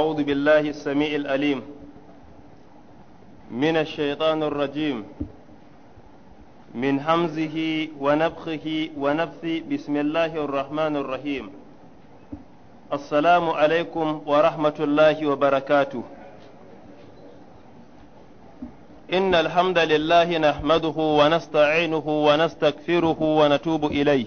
أعوذ بالله السميع الأليم من الشيطان الرجيم من حمزه ونفخه ونفثه بسم الله الرحمن الرحيم السلام عليكم ورحمة الله وبركاته إن الحمد لله نحمده ونستعينه ونستغفره ونتوب إليه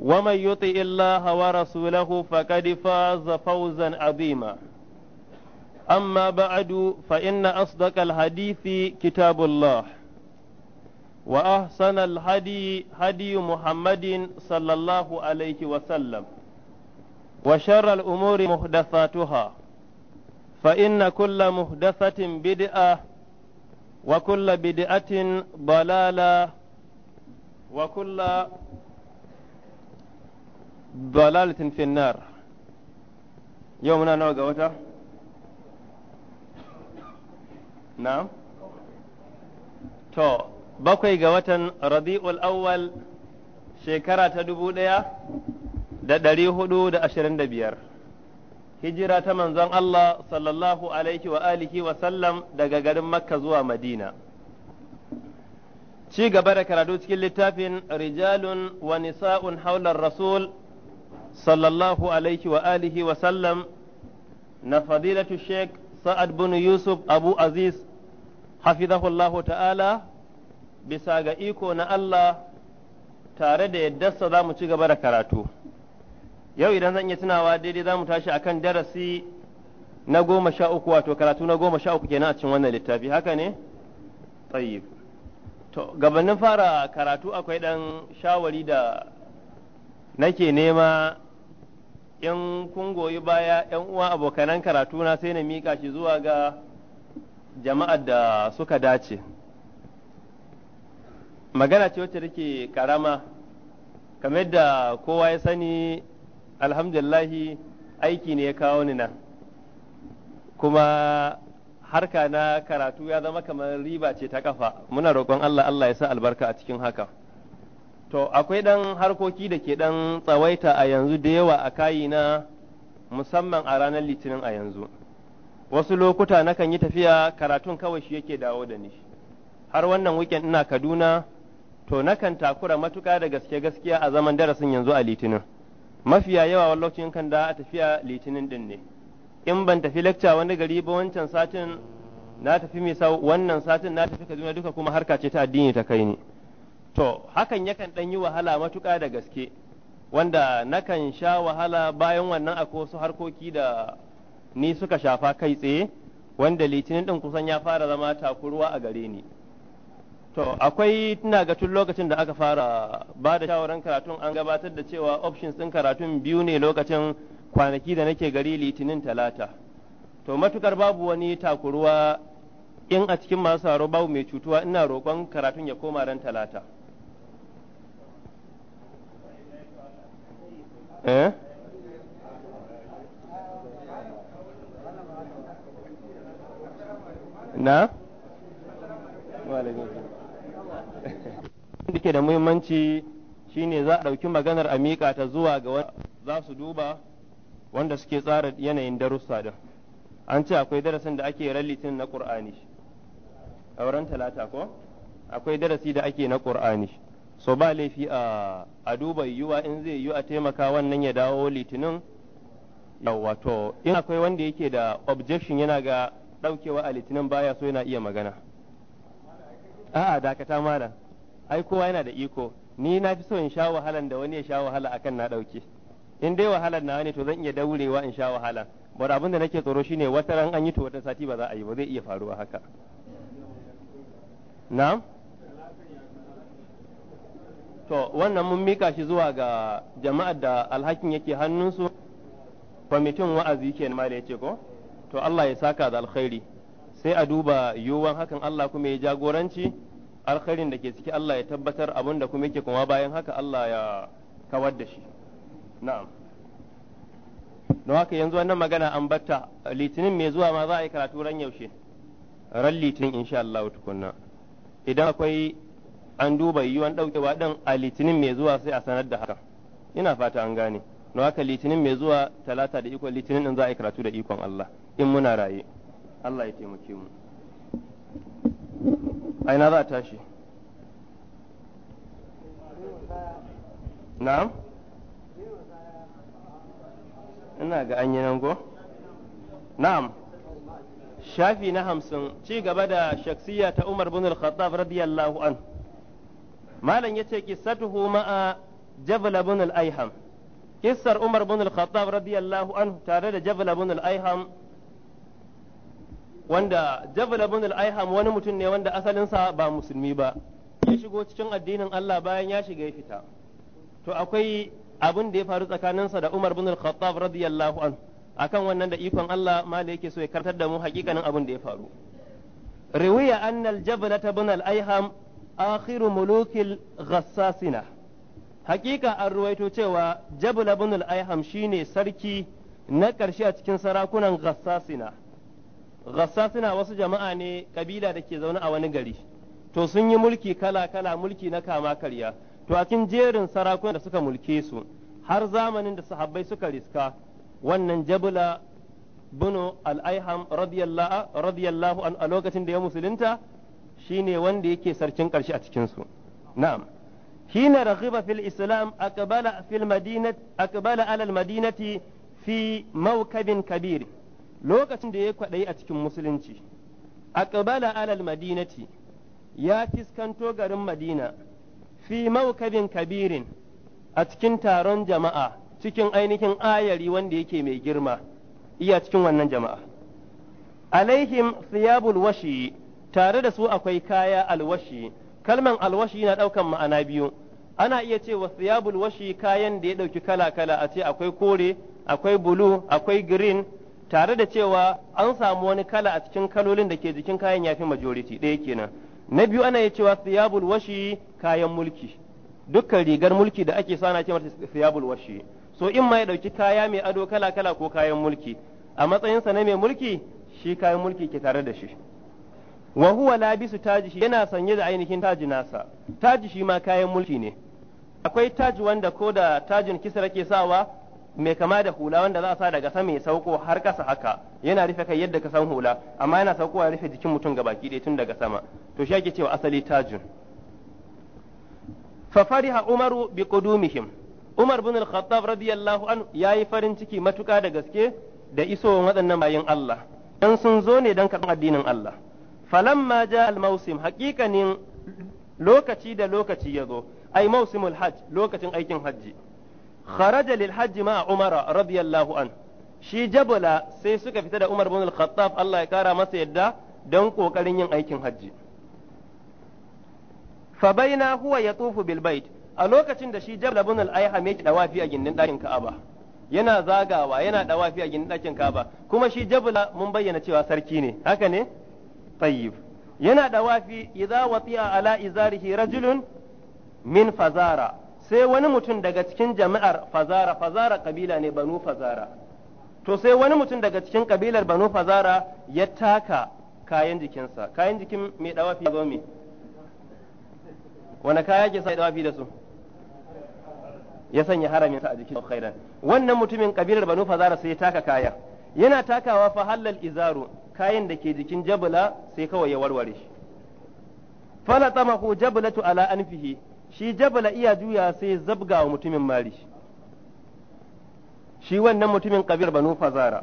ومن يطع الله ورسوله فقد فاز فوزا عظيما أما بعد فإن أصدق الحديث كتاب الله وأحسن الهدي هدي محمد صلى الله عليه وسلم وشر الأمور محدثاتها فإن كل محدثة بدعة وكل بدعة ضلالة وكل dalalatin finnar yau muna nawa ga wata na to bakwai ga watan rabi'ul awwal shekara ta dubu ɗaya da ɗari hudu da ashirin da biyar hijira ta manzon Allah sallallahu alaihi wa alihi wa sallam daga garin makka zuwa madina ci gaba da karatu cikin littafin rijalun wa nisa'un haular rasul صلى الله عليه وآله وسلم نفضيلة الشيخ سعد بن يوسف أبو عزيز حفظه الله تعالى بساق إيكونا الله tare da yaddarsa za mu ci gaba da karatu yau idan zan iya tunawa daidai za mu tashi akan darasi na goma sha uku wato karatu na goma sha uku kenan a cikin wannan littafi haka ne tsayib to gabanin fara karatu akwai dan shawari da nake nema in kun goyi baya yan uwa abokanan karatu na sai na mika shi zuwa ga jama'ar da suka dace magana ce wacce take karama kamar da kowa ya sani alhamdulillahi aiki ne ya kawo ni nan kuma harka na karatu ya zama kamar riba ce ta kafa muna roƙon Allah Allah ya sa albarka a cikin haka To, akwai ɗan harkoki da ke ɗan tsawaita a yanzu da yawa a kayi na musamman a ranar litinin a yanzu. Wasu lokuta nakan yi tafiya karatun kawai shi yake dawo da ni. Har wannan weekend ina Kaduna, to nakan takura matuƙa da gaske gaskiya a zaman darasin yanzu a litinin. Mafiya yawa wani lokacin kan da a tafiya litinin ɗin ne. In ban tafi lecture wani gari ba wancan satin na tafi misau wannan satin na tafi Kaduna duka kuma harka ce ta addini ta kai ni. to hakan yakan ɗan yi wahala matuƙa da gaske wanda nakan sha wahala bayan wannan akwai wasu harkoki da ni suka shafa kai tsaye wanda litinin ɗin kusan ya fara zama takurwa a gare ni to akwai tuna ga tun lokacin da aka fara ba da shawaran karatun an gabatar da cewa options ɗin karatun biyu ne lokacin kwanaki da nake gari litinin talata to matukar babu wani takurwa in a cikin masu babu mai cutuwa ina roƙon karatun ya koma ran talata eh na da ke da muhimmanci shine za a ɗauki maganar a miƙa ta zuwa ga wanda za su duba wanda suke tsara yanayin darussa din an ce akwai darasin da ake rallitin na ƙur'ani a wurin talata ko akwai darasi da ake na ƙur'ani so ba laifi a a duba yiwuwa in zai yiwu a taimaka wannan ya dawo litinin wato in akwai wanda yake da objection yana ga daukewa a litinin baya so yana iya magana a'a dakata mana ai kowa yana da iko ni na fi so in sha wahalan da wani ya sha wahala akan na dauke in dai wahalan na ne to zan iya daurewa in sha wahala bar abin da nake tsoro shine wata ran an yi to wata sati ba za a yi ba zai iya faruwa haka na'am to wannan mun mika shi zuwa ga jama'ar da alhakin yake hannunsu kwamitin wa'azi ke ma da ce ko to Allah ya saka da alkhairi sai a duba yiwuwan hakan Allah kuma ya jagoranci alkhairin da ke ciki Allah ya tabbatar abin da kuma yake kuma bayan haka Allah ya kawar da shi na'am don haka yanzu wannan magana an batta litinin mai zuwa ma za a yi karatu ran yaushe ran litinin insha Allah tukunna idan akwai an duba yiwuwan ɗaukewa ɗin a litinin mai zuwa sai a sanar da haka ina fata an gane na haka litinin mai zuwa talata da ikon litinin ɗin za a yi karatu da ikon Allah in muna raye Allah ya taimake mu aina za a tashi na'am ina ga an yi nan go na'am shafi na hamsin ci gaba da shaksiya ta umar bin al-khattab radiyallahu anhu malam yace qissatuhu ma'a jabal ibn al-ayham kissar umar ibn al-khattab radiyallahu anhu tare da jabal ibn al-ayham wanda jabal ibn al-ayham wani mutum ne wanda sa ba musulmi ba ya shigo cikin addinin Allah bayan ya shiga ya fita to akwai abin da ya faru tsakaninsa da Umar ibn Al-Khattab radiyallahu anhu akan wannan da ikon Allah malam yake so ya kartar da mu hakikanin abin da ya faru riwaya annal jabal ta al-ayham akhiru mulukil ghassasina hakika an ruwaito cewa jabal ibn al-aiham shine sarki na ƙarshe a cikin sarakunan ghassasina ghassasina wasu jama'a ne kabila da ke zaune a wani gari to sun yi mulki kala kala mulki na kama karya to a cikin jerin sarakunan da suka mulke su har zamanin da sahabbai suka riska wannan jabula bunu al-aiham radiyallahu an a lokacin da ya musulunta shine wanda yake sarkin ƙarshe a cikinsu na'am hina raghiba fil islam aqbala fil madinati aqbala madinati fi maukabin kabir lokacin da ya kwaɗayi a cikin musulunci aqbala ala madinati ya fiskanto garin madina fi maukabin kabirin a cikin taron jama'a cikin ainihin ayari wanda yake mai girma iya cikin wannan jama'a alaihim thiyabul washi tare da su akwai kaya alwashi kalman alwashi na ɗaukan ma'ana biyu ana iya cewa thiyabul washi kayan da ya ɗauki kala kala a ce akwai kore akwai bulu akwai green tare da cewa an samu wani kala a cikin kalolin da ke jikin kayan yafi majority ɗaya kenan na biyu ana iya cewa siyabul washi kayan mulki dukkan rigar mulki da ake sana ce mata siyabul washi so in ma ya ɗauki kaya mai ado kala kala ko kayan mulki a matsayinsa na mai mulki shi kayan mulki ke tare da shi wa huwa labisu taji yana sanye da ainihin taji nasa taji shi ma kayan mulki ne akwai taji wanda ko da tajin kisra ke sawa mai kama da hula wanda za a sa daga sama ya sauko har kasa haka yana rufe kai yadda ka san hula amma yana saukowa rufe jikin mutum ga baki ɗaya tun daga sama to shi ake cewa asali tajin fa fariha umaru bi qudumihim umar bin al-khattab radiyallahu anhu yayi farin ciki matuka da gaske da iso waɗannan bayin Allah dan sun zo ne dan karɓan addinin Allah falamma ja al-mawsim haƙiƙanin lokaci da lokaci ya zo ai mawsimul hajj lokacin aikin hajji kharaja lil hajj ma umara radiyallahu an shi jabala sai suka fita da umar bin al-khattab Allah ya kara masa yadda don kokarin yin aikin hajji fa baina huwa yatufu bil bait a lokacin da shi jabala bin al-ayham yake dawafi a gindin dakin Ka'aba yana zagawa yana dawafi a gindin dakin Ka'aba kuma shi jabala mun bayyana cewa sarki ne haka ne طيب yana da wafi وطيع على ala رجل من min سي sai wani mutum daga cikin jama'ar fazara fazara kabila ne banu fazara to sai wani mutum daga cikin kabilar banu ya taka kayan jikinsa kayan jikin mai dawafi ya zo me wani kaya ke dawafi da su ya sanya haramin sa a jikin khairan wannan mutumin kabilar banu fazara sai ya taka kaya yana takawa fa halal izaru kayan da ke jikin jabula sai kawai ya warware shi tamahu jablatu ala anfihi shi jabala iya juya sai zabga wa mutumin mari shi wannan mutumin kabir banu fazara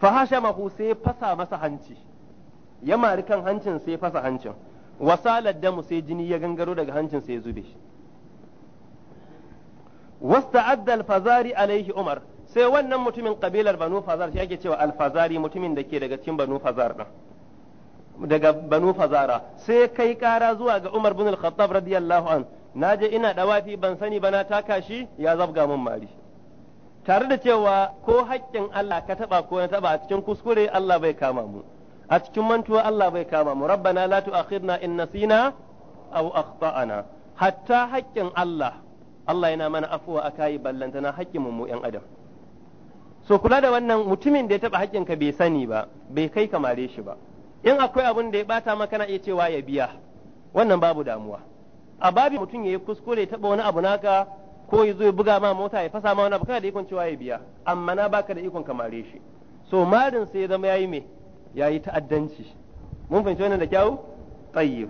fa hashamahu sai fasa masa hanci ya mari kan hancin sai fasa hancin wasalar damu sai jini ya gangaro daga hancin sai ya zube shi wasta'adda al-fazari alaihi umar sai wannan mutumin kabilar banu fazar shi ake cewa alfazari mutumin da ke daga cikin banu fazar din daga banu fazara sai kai kara zuwa ga Umar bin Al-Khattab radiyallahu an naje ina dawafi ban sani ba na taka shi ya zabga mun mari tare da cewa ko haƙƙin Allah ka taba ko na taba a cikin kuskure Allah bai kama mu a cikin mantuwa Allah bai kama mu rabbana la tu'akhidna in nasina aw akhtana hatta haƙƙin Allah Allah yana mana afuwa akai ballantana haƙƙin mu mu yan adam so kula da wannan mutumin da ya taba haƙƙinka bai sani ba bai kai kamare shi ba in akwai abin da ya bata maka na iya cewa ya biya wannan babu damuwa a babu mutum ya yi kuskure taba wani abu naka ko ya zo ya buga ma mota ya fasa ma wani abu kana da ikon cewa ya biya amma na baka da ikon kamare shi so marin sai ya zama yayi me yayi ta'addanci mun fahimci wannan da kyau tayyib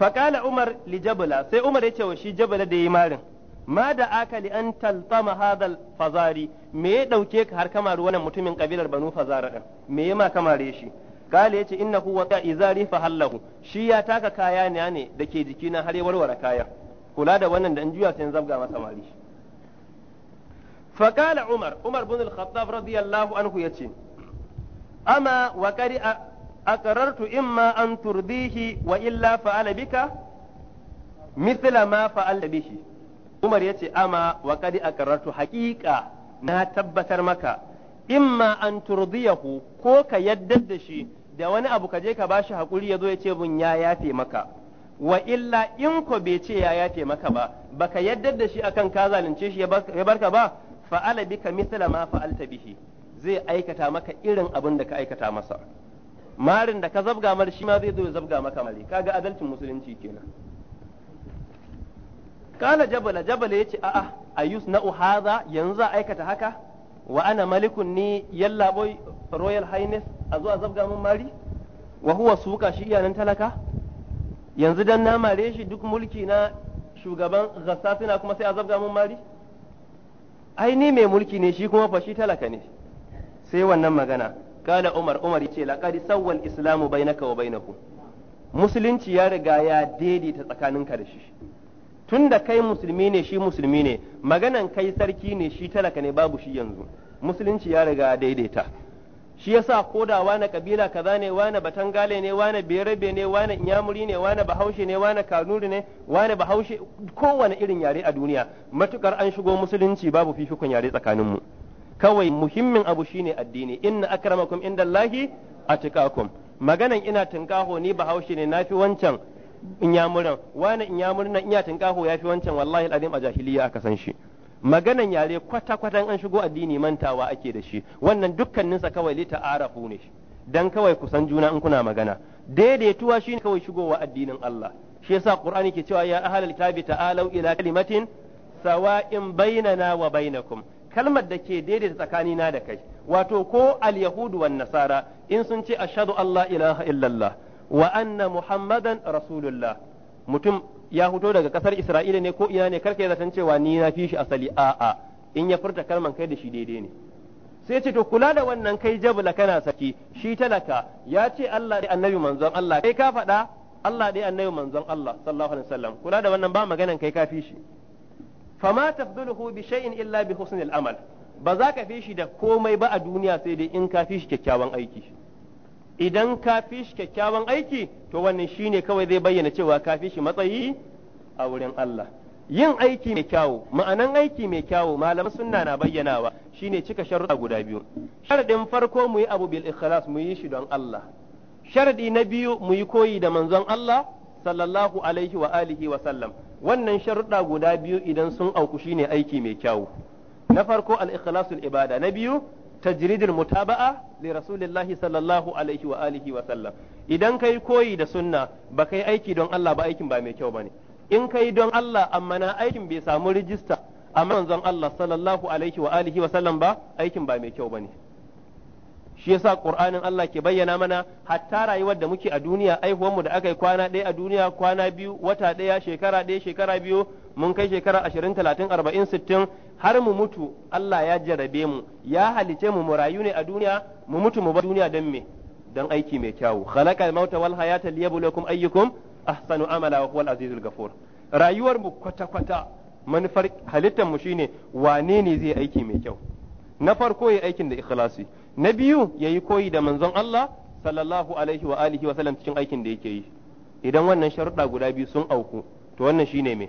faqala umar li jabala sai umar ya ce wa shi jabala da yi marin ma da aka li an taltama hadal fazari me ya dauke ka har kamar wannan mutumin kabilar banu fazara din me ya ma kamare shi kale yace innahu wa izari fa hallahu shi ya taka kaya ne ne dake jikina har ya warware kaya kula da wannan da an juya sai an zabga masa mari فقال عمر عمر بن الخطاب رضي الله عنه يتي أما وقد أقررت إما أن ترضيه وإلا فعل بك مثل ما فعل به Umar ya ce ama wa kadi karatu haƙiƙa na tabbatar maka imma an turdiyahu ko ka yadda da shi da wani abu ka je ka bashi hakuri yazo ya ce bun ya yafe maka wa illa in ko bai ce ya yafe maka ba baka yadda da shi akan ka zalunce shi ya barka ba fa'ala bika mithla ma fa'alta bihi zai aikata maka irin abin da ka aikata masa marin da ka zabga mar shi ma zai zo ya zabga maka mare, kaga adalcin musulunci kenan kala jabala jabala yace a'a ayus na hadha yanzu a aikata haka wa ana malikun ni royal highness a zuwa zabga mun mari wa huwa suka shi iyanan talaka yanzu dan na mare shi duk mulki na shugaban gassasina kuma sai a zabga mun mari ai ni mai mulki ne shi kuma fa shi talaka ne sai wannan magana kala umar umar yace laqad sawwal islamu bainaka wa bainahu musulunci ya riga ya daidaita tsakaninka da shi tun da kai musulmi ne shi musulmi ne maganan kai sarki ne shi talaka ne babu shi yanzu musulunci ya riga daidaita shi yasa ko da wani kabila kaza ne wani batangale ne wani berebe ne wani inyamuri ne wani bahaushe ne wani kanuri ne wani bahaushe kowane irin yare a duniya matukar an shigo musulunci babu fifikon yare tsakaninmu kawai muhimmin abu shine addini inna akramakum indallahi atqakum maganan ina tinkaho ni bahaushe ne nafi wancan inyamuran wani inyamurin nan iya tinkaho fi wancan wallahi alazim a jahiliya aka san shi maganan yare kwata kwatan an shigo addini mantawa ake da shi wannan dukkaninsa kawai lita arafu ne dan kawai kusan juna in kuna magana daidaituwa shine kawai shigowa addinin Allah shi yasa qur'ani ke cewa ya ahlal kitabi ta'alu ila kalimatin sawa'in bainana wa bainakum kalmar da ke daidaita tsakani na da kai wato ko al-yahudu wan nasara in sun ce ashhadu Allah ilaha illallah wa anna muhammadan rasulullah mutum ya fito daga kasar isra'ila ne ko ina ne karka ya zaton cewa ni na fi shi asali a'a in ya furta kalman kai da shi daidai ne sai ce to kula da wannan kai jabla kana saki shi talaka ya ce Allah dai annabi manzon Allah kai ka faɗa Allah dai annabi manzon Allah sallallahu alaihi wasallam kula da wannan ba maganan kai ka fi shi fama tafduluhu bi shay'in illa bi husnil amal ba za ka fi shi da komai ba a duniya sai dai in ka fi shi kyakkyawan aiki idan ka fi shi kyakkyawan aiki to wannan shine kawai zai bayyana cewa ka fi shi matsayi a wurin Allah yin aiki mai kyawu ma'anan aiki mai kyawu malaman sunna na bayyanawa shine cika sharuɗa guda biyu sharadin farko mu yi abu bil ikhlas mu yi shi don Allah sharadi na biyu mu yi koyi da manzon Allah sallallahu alaihi wa alihi wa sallam wannan sharuɗa guda biyu idan sun auku shine aiki mai kyawu na farko al ikhlasul ibada na biyu tajridil mutaba'a li rasulillahi sallallahu alaihi wa alihi wa sallam idan kayi koyi da sunna ba kai aiki don Allah ba aikin ba mai kyau bane in kai don Allah amma na aikin bai samu rijista amma manzon Allah sallallahu alaihi wa alihi wa sallam ba aikin ba mai kyau bane shi yasa qur'anin Allah ke bayyana mana hatta rayuwar da muke a duniya aihuwar mu da aka yi kwana ɗaya a duniya kwana biyu wata ɗaya shekara ɗaya shekara biyu mun kai shekara ashirin talatin arba'in sittin har mu mutu Allah ya jarabe mu ya halice mu mu rayu ne a duniya mu mutu mu bar duniya don me don aiki mai kyawu khalaqa mauta wal hayata liyabluwakum ayyukum ahsanu amala wa huwal azizul ghafur rayuwar mu kwata kwata manufar halittar mu shine wane ne zai aiki mai kyau na farko ya aikin da ikhlasi na biyu ya yi koyi da manzon Allah sallallahu alaihi wa alihi wa sallam cikin aikin da yake yi idan wannan sharuɗa guda biyu sun auku to wannan shine me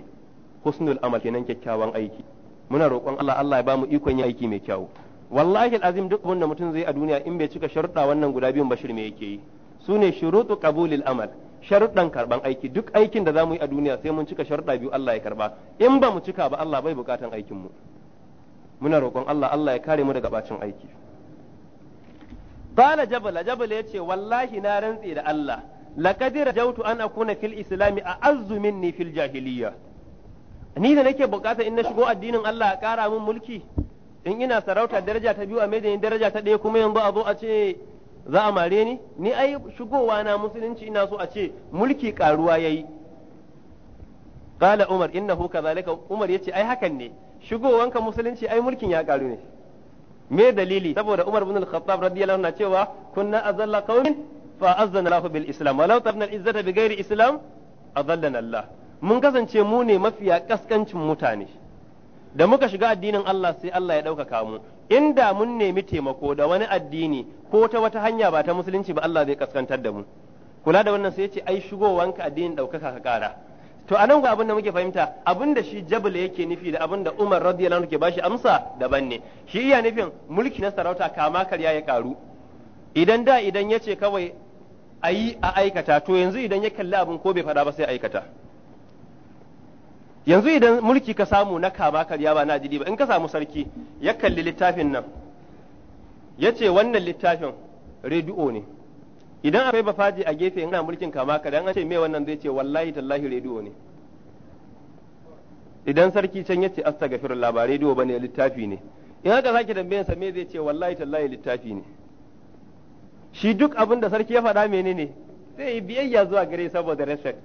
husnul amal kenan kyakkyawan aiki muna roƙon Allah Allah ya bamu ikon yin aiki mai kyau wallahi alazim duk wanda mutum zai a duniya in bai cika sharuɗa wannan guda biyun bashir me yake yi sune shurutu qabulil amal sharuɗan karban aiki duk aikin da zamu yi a duniya sai mun cika sharuɗa biyu Allah ya karba in ba mu cika ba Allah bai buƙatan aikin mu muna roƙon Allah Allah ya kare mu daga bacin aiki qala jabal jabal yace wallahi na rantse da Allah laqad rajautu an akuna fil islami azumin minni fil jahiliya ni da nake bukata in na shigo addinin Allah a kara min mulki in ina sarauta daraja ta biyu a mai daraja ta ɗaya kuma yanzu a zo ce za a mare ni ni ai shigowa na musulunci ina so a ce mulki karuwa yayi qala umar innahu kadhalika umar yace ai hakan ne shigowanka musulunci ai mulkin ya karu ne me dalili saboda Umar ibn al-Khattab radiyallahu anhu cewa kunna azalla qaumin fa azzana lahu bil Islam wa law tabna al-izzata bi ghairi Islam azallana Allah mun kasance mu ne mafiya kaskancin mutane da muka shiga addinin Allah sai Allah ya ɗaukaka mu inda mun nemi taimako da wani addini ko ta wata hanya ba ta musulunci ba Allah zai kaskantar da mu kula da wannan sai ya ce ai shigowanka addinin ɗaukaka ka kara to anan ga abin da muke fahimta abin da shi jabal yake nufi da abin da Umar radiyallahu ke bashi amsa daban ne shi iya nufin mulki na sarauta kama karya ya karu idan da idan yace kawai ayi a aikata to yanzu idan ya kalli abin ko bai fada ba sai aikata yanzu idan mulki ka samu na kama karya ba na jidi ba in ka samu sarki ya kalli littafin nan yace wannan littafin rediyo ne idan akwai bafaji a gefe ina mulkin kama ka an ce me wannan zai ce wallahi tallahi rediyo ne idan sarki can ya ce labarai duwa ba ne littafi ne in haka sake tambayan sa me zai ce wallahi tallahi littafi ne shi duk abin da sarki ya faɗa menene sai yi biyayya zuwa gare saboda respect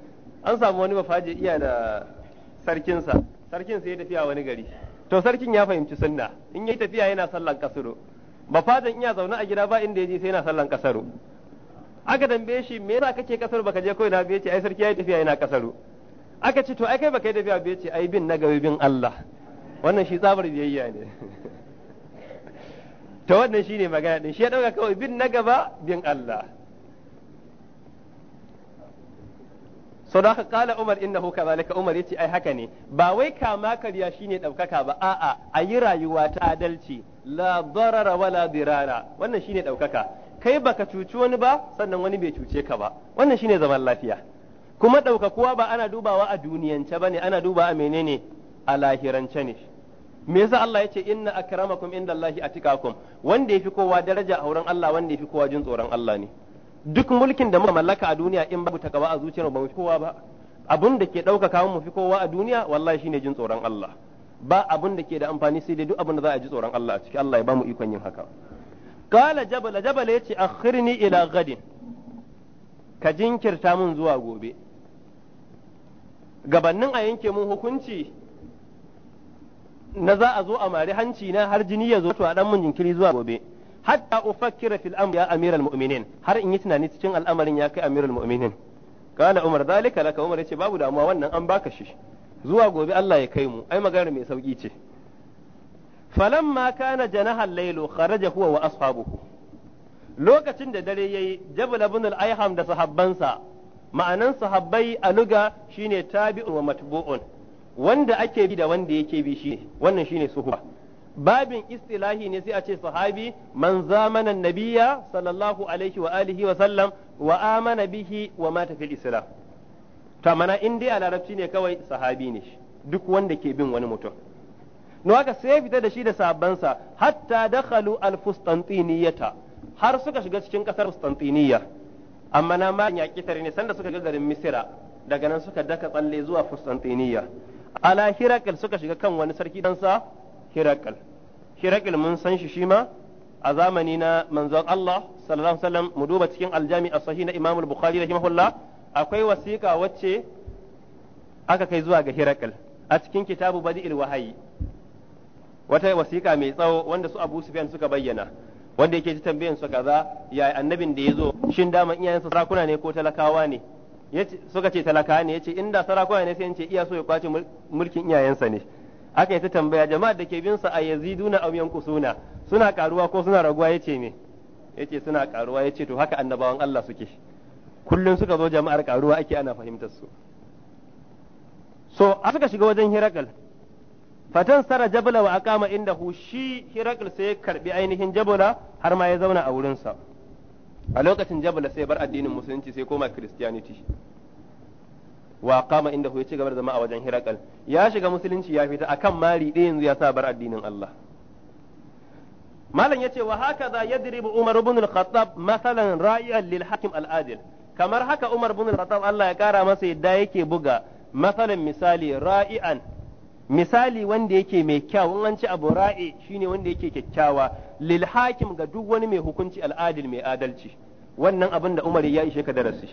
an samu wani mafaje iya da sarkinsa sarkin sai ya tafiya wani gari to sarkin ya fahimci sunna in yayi tafiya yana sallan kasaro bafajan iya zaune a gida ba inda yaje sai yana sallan kasaro aka tambaye shi me yasa kake kasaro baka je ko ina bai ce ai sarki yayi tafiya yana kasaro aka ce to ai kai baka yi tafiya ba ce ai bin na gabi bin Allah wannan shi tsabar biyayya ne to wannan shi ne magana din shi ya dauka kawai bin na gaba bin Allah so da kala umar innahu kazalika umar yace ai haka ne ba wai kama karya shine daukaka ba a'a a yi rayuwa ta adalci la darara wala dirara wannan shine daukaka kai baka cuci wani ba sannan wani bai cuce ka ba wannan shine zaman lafiya kuma ɗaukakuwa ba ana dubawa a duniyance ba ne ana duba a menene a lahirance ne me yasa Allah ya ce inna akramakum indallahi atikakum wanda yafi kowa daraja a wurin Allah wanda yafi kowa jin tsoron Allah ne duk mulkin da muka mallaka a duniya in babu takawa a zuciyar ba mu fi kowa ba abun da ke ɗaukaka mu fi kowa a duniya wallahi shine jin tsoron Allah ba abun da ke da amfani sai dai duk abun da za a ji tsoron Allah a ciki Allah ya ba mu ikon yin haka qala jabal jabal yace akhirni ila gadin ka jinkirta mun zuwa gobe gabannin a yanke mun hukunci na za a zo a mari hanci na har jini ya zo to a dan mun jinkiri zuwa gobe hatta ufakkira fil amr ya amiral mu'minin har in yi tunani cikin al'amarin ya kai amiral mu'minin kana umar zalika laka umar yace babu damuwa wannan an baka shi zuwa gobe Allah ya kai mu ai magana mai sauki ce falamma kana janaha al-lailu kharaja huwa wa ashabuhu lokacin da dare yayi jabal ibn al-ayham da sahabbansa ma'anan sahabbai a luga shine tabi'un wa matbu'un wanda ake bi da wanda yake bi shi wannan shine suhuba babin istilahi ne sai a ce sahabi man zamana nabiya sallallahu alaihi wa alihi wa sallam wa amana bihi wa mata fil islam ta mana in dai a larabci ne kawai sahabi ne duk wanda ke bin wani mutum no haka sai fita da shi da sabansa hatta dakhalu al-fustantiniyata har suka shiga cikin kasar Constantiniyya amma na ma ya kitare ne sanda suka ga garin misira daga nan suka daka tsalle zuwa fustantiniya ala hirakil suka shiga kan wani sarki dan hirakil hirakil mun san shi shima a zamani na manzon Allah sallallahu alaihi wasallam mu duba cikin aljami as-sahih na Imam al-Bukhari rahimahullah akwai wasiƙa wacce aka kai zuwa ga hirakil a cikin kitabu badi'il wahayi wata wasiƙa mai tsawo wanda su Abu Sufyan suka bayyana wanda yake ji tambayan su kaza ya annabin da ya zo. shin dama iyayensa sarakuna ne ko talakawa ne yace suka ce talakawa ne yace inda sarakuna ne sai in ce iya so ya kwace mulkin iyayensa ne aka yi ta tambaya jama'ar da ke bin sa a yaziduna aw yanqusuna suna karuwa ko suna raguwa yace me yace suna karuwa yace to haka annabawan Allah suke kullun suka zo jama'ar karuwa ake ana fahimtar su so a suka shiga wajen hirakal fatan sara jabala wa aqama indahu shi hirakil sai ya karbi ainihin jabala har ma ya zauna a wurinsa a lokacin jabala sai bar addinin musulunci sai koma christianity wa aqama indahu ya ci gaba da zama a wajen hirakil ya shiga musulunci ya fita akan mari ɗaya yanzu ya sa bar addinin Allah malam yace wa haka za yadribu umar ibn al-khattab masalan ra'iyan lil hakim al-adil kamar haka umar ibn al-khattab Allah ya kara masa yadda yake buga masalan misali ra'ian misali wanda yake mai kyau in an ci abu ra'i shine wanda yake kyakkyawa lil hakim ga duk wani mai hukunci al'adil mai adalci wannan abin da Umar ya ishe ka darasi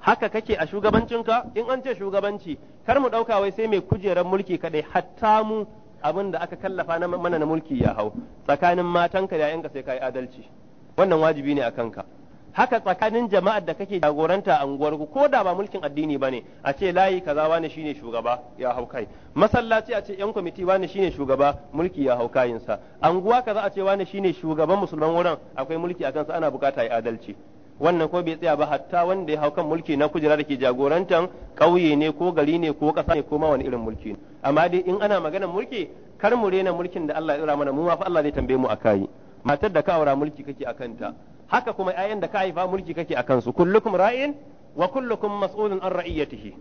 haka kake a shugabancinka in an ce shugabanci kar mu dauka wai sai mai kujerar mulki kadai hatta mu abin da aka kallafa na mana na mulki ya hau tsakanin matanka da 'ya'yanka sai ka adalci wannan wajibi ne a kanka haka tsakanin jama'ar da kake jagoranta a unguwar ku ko da ba mulkin addini bane a ce layi kaza wani shine shugaba ya hau kai masallaci a ce yan kwamiti wani shine shugaba mulki ya hau kayinsa anguwa kaza a ce wani shine shugaban musulman wurin akwai mulki a kansa ana bukata ya adalci wannan ko bai tsaya ba hatta wanda ya hau kan mulki na kujera da ke jagorantan ƙauye ne ko gari ne ko ƙasa ne ko ma wani irin mulki ne amma dai in ana maganar mulki kar mu rena mulkin da Allah ya tsira mana mu ma fa Allah zai tambaye mu akai matar da ka aura mulki kake akanta haka kuma yayan da ka haifa mulki kake a kansu kullukum ra'in wa kullukum mas'ulun an ra'iyatihi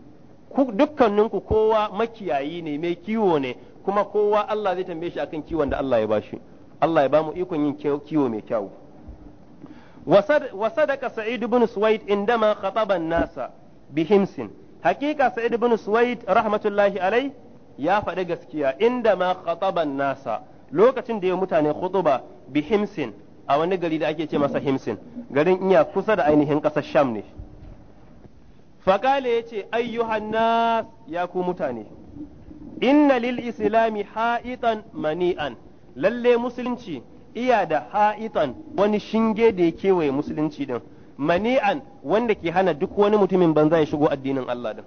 dukkaninku kowa makiyayi ne mai kiwo ne kuma kowa Allah zai tambaye shi akan kiwon da Allah ya bashi Allah ya bamu ikon yin kiwo mai kyau wa sadaqa sa'id ibn suwaid indama khataba an-nasa Himsin, hakika sa'id ibn suwaid rahmatullahi alai ya faɗi gaskiya indama khataba an-nasa lokacin da ya mutane khutuba bihimsin a wani gari da ake ce masa himsin garin iya kusa da ainihin ƙasar sham ne faƙale ya ce nas ya ku mutane inna lil islami ha'itan mani'an lalle musulunci iya da ha'itan wani shinge da ya kewaye musulunci din mani'an wanda ke hana duk wani mutumin banza ya shigo addinin Allah din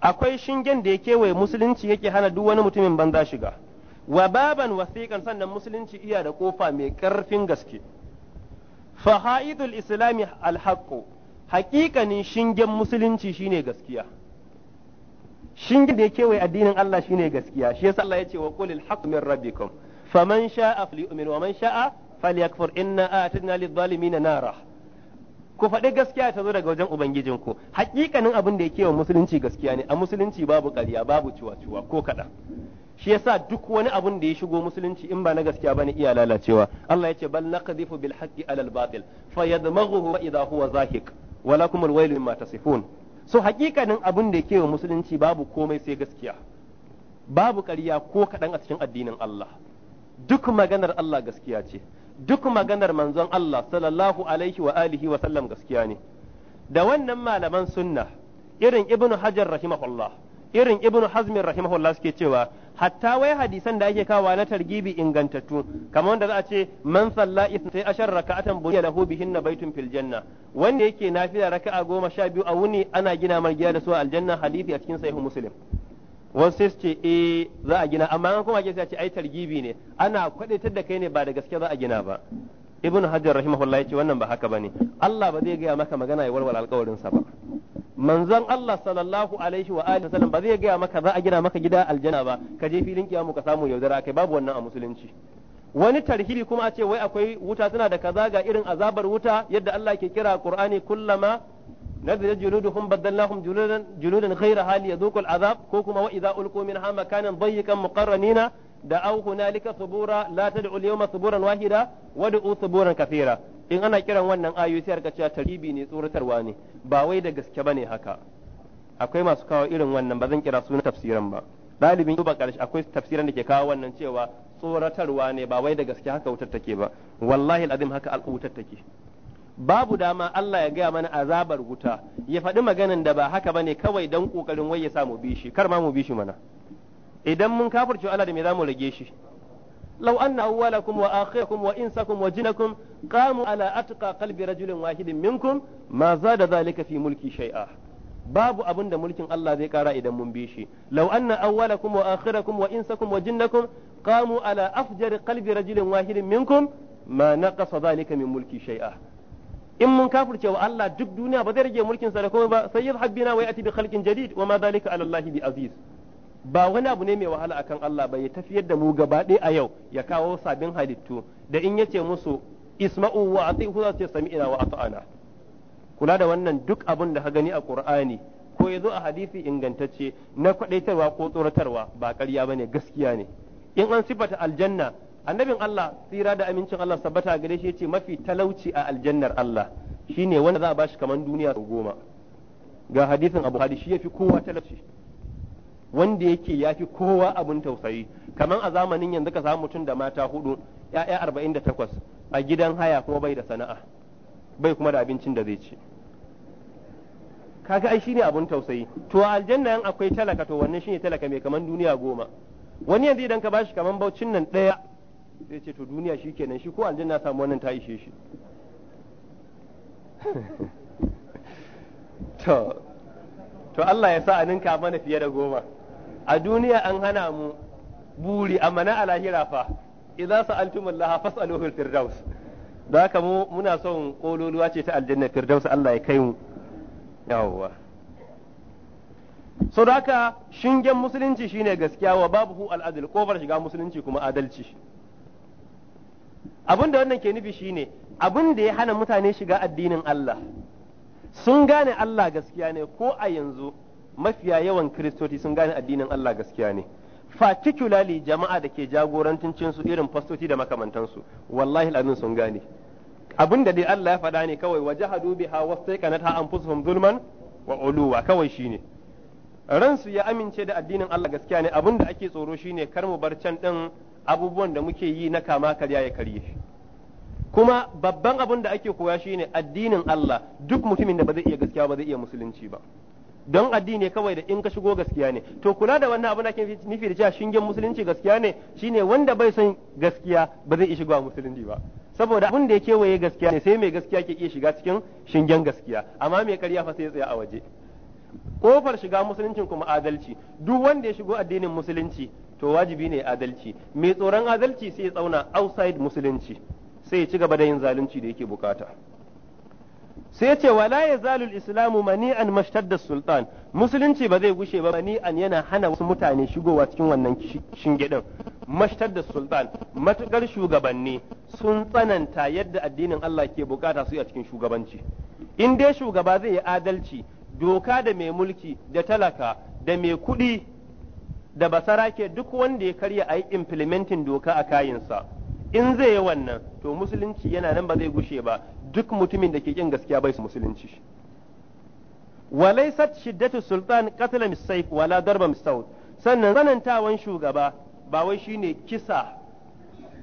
akwai shingen da ya kewaye musulunci yake hana duk wani mutumin banza shiga wa baban wasiqan sannan musulunci iya da kofa mai karfin gaske fa haidul islami alhaqqo haƙiƙanin shingen musulunci shine gaskiya shingen da ya kewaye addinin Allah shine gaskiya shi yasa Allah ya ce wa qulil haqq min rabbikum faman sha'a falyu'min wa man sha'a falyakfur inna a'tadna lidh dhalimina nara ku faɗi gaskiya ta zo daga wajen ubangijinku haƙiƙanin abin da ya wa musulunci gaskiya ne a musulunci babu ƙarya babu ciwa-ciwa ko kaɗan shi yasa duk wani abun da ya shigo musulunci in ba na gaskiya bane iya lalacewa Allah yace bal naqdhifu bil haqqi ala al batil fayadmaghuhu fa idha huwa zahiq wa lakum al waylu mimma tasifun so hakikanin abun da yake wa musulunci babu komai sai gaskiya babu ƙarya ko kaɗan a cikin addinin Allah duk maganar Allah gaskiya ce duk maganar manzon Allah sallallahu alaihi wa alihi wa sallam gaskiya ne da wannan malaman sunna irin ibnu hajar rahimahullah irin ibnu hazmin rahimahullah suke cewa hatta wai hadisan da ake kawa na targibi ingantattu kamar wanda za a ce man salla isntai ashar raka'atan buniya lahu bihinna baitun fil janna wanda yake nafila raka'a goma sha biyu a wuni ana gina mar da su aljanna hadisi a cikin sahihu muslim wasu sai ce eh za a gina amma an kuma ake ce ai targibi ne ana kwadaitar da kai ne ba da gaske za a gina ba ibn hajar rahimahullah ya ce wannan ba haka bane Allah ba zai gaya maka magana ya walwala alƙawarinsa ba manzon Allah sallallahu alaihi wa alihi wasallam ba zai gaya maka za a gina maka gida aljanna ba ka je filin kiyamu ka samu yaudara kai babu wannan a musulunci wani tarhili kuma a ce wai akwai wuta suna da kaza ga irin azabar wuta yadda Allah ke kira Qur'ani kullama نبذ جلودهم بدلناهم جلودا جلودا غيرها ليذوقوا العذاب كوكما واذا القوا منها مكانا ضيقا مقرنين دعوا هنالك ثبورا لا تدعوا اليوم ثبورا واحدا ودعوا ثبورا كثيرا in ana kiran wannan ayoyi sai ka cewa tarhibi ne tsoratarwa ne ba wai da gaske bane haka akwai masu kawo irin wannan ba zan kira sunan tafsiran ba dalibin duba karshe akwai tafsiran da ke kawo wannan cewa tsoratarwa ne ba wai da gaske haka wutar take ba wallahi alazim haka al'utar take babu dama Allah ya gaya mana azabar wuta ya faɗi maganan da ba haka bane kawai dan kokarin wai ya sa mu kar ma mu bishi mana idan mun kafirce Allah da me zamu rage shi law anna awwalakum wa akhirakum wa insakum wa jinakum qamu ala atqa qalbi rajulin wahidin minkum ma zada zalika fi mulki shay'a babu abin da mulkin Allah zai kara idan mun bi shi law anna awwalakum wa akhirakum wa insakum wa jinnakum qamu ala afjari qalbi rajulin wahidin minkum ma naqasa zalika min mulki shay'a in mun kafirce wa Allah duk duniya ba zai rage mulkin sa da komai ba sai yadhhab bina wa yati bi khalqin jadid wa ma dhalika ala Allah bi aziz ba wani abu ne mai wahala akan Allah ba ya tafiyar da mu gaba a yau ya kawo sabbin halittu da in yace musu isma'u wa atihu za su ce sami'ina wa ata'ana kula da wannan duk abin da ka gani a Qur'ani ko ya zo a hadisi ingantacce na kwadaitarwa ko tsoratarwa ba ƙarya bane gaskiya ne in an sifata aljanna annabin Allah tsira da amincin Allah sabbata gare shi yace mafi talauci a aljannar Allah shine wanda za a bashi kaman duniya sau goma ga hadisin Abu Hadi shi yafi kowa talauci wanda yake yafi kowa abun tausayi kaman a zamanin yanzu ka samu mutum da mata hudu ya'ya 48 a gidan haya kuma bai da sana'a bai kuma da abincin da zai ci kaga ai shine abun tausayi to aljanna yan akwai talaka to wannan shine talaka mai kaman duniya goma wani yanzu idan ka bashi kaman baucin nan daya zai ce to duniya shi kenan shi ko aljanna samu wannan ta ishe shi to Allah ya sa a ninka mana fiye da goma a duniya an hana mu buri amma na alahira fa idza sa'altum Allah fas'aluhu al-firdaus da haka mu muna son kololuwa ce ta aljanna firdaus Allah ya kai mu yawwa so da haka shingen musulunci shine gaskiya wa babu al-adl kofar shiga musulunci kuma adalci abin da wannan ke nufi shine abin da ya hana mutane shiga addinin Allah sun gane Allah gaskiya ne ko a yanzu mafiya yawan kiristoci sun gane addinin Allah gaskiya ne particularly jama'a da ke jagorancin su irin fastoci da makamantansu wallahi lazim sun gane abin da dai Allah ya faɗa ne kawai waje sai biha ta anfusuhum zulman wa uluwa kawai shine ransu ya amince da addinin Allah gaskiya ne abin da ake tsoro shine kar mu bar can din abubuwan da muke yi na kama karya ya karye shi kuma babban abin da ake koya shine addinin Allah duk mutumin da ba zai iya gaskiya ba zai iya musulunci ba don addini kawai da in ka shigo gaskiya ne to kula da wannan abin da ake nufi da cewa shingen musulunci gaskiya ne shine wanda bai son gaskiya ba zai iya shiga musulunci ba saboda abin da ya kewaye gaskiya ne sai mai gaskiya ke iya shiga cikin shingen gaskiya amma mai karya fa sai ya tsaya a waje kofar shiga musuluncin kuma adalci duk wanda ya shigo addinin musulunci to wajibi ne adalci mai tsoron adalci sai ya tsauna outside musulunci sai ya ci gaba da yin zalunci da yake bukata sai ce wala ya zalul islamu mani'an mashtadda sultan musulunci ba zai gushe ba mani'an yana hana wasu mutane shigowa cikin wannan shingidin mashtadda sultan matukar shugabanni sun tsananta yadda addinin Allah ke bukata su a cikin shugabanci in dai shugaba zai yi adalci doka da mai mulki da talaka da mai kuɗi da basara ke duk wanda ya karya a yi implementing doka a kayinsa in zai yi wannan to musulunci yana nan ba zai gushe ba duk mutumin da ke kin gaskiya bai su musulunci walaisat shiddatu sultan qatl misayf wala darba misaut sannan zanantawan shugaba ba wai shine kisa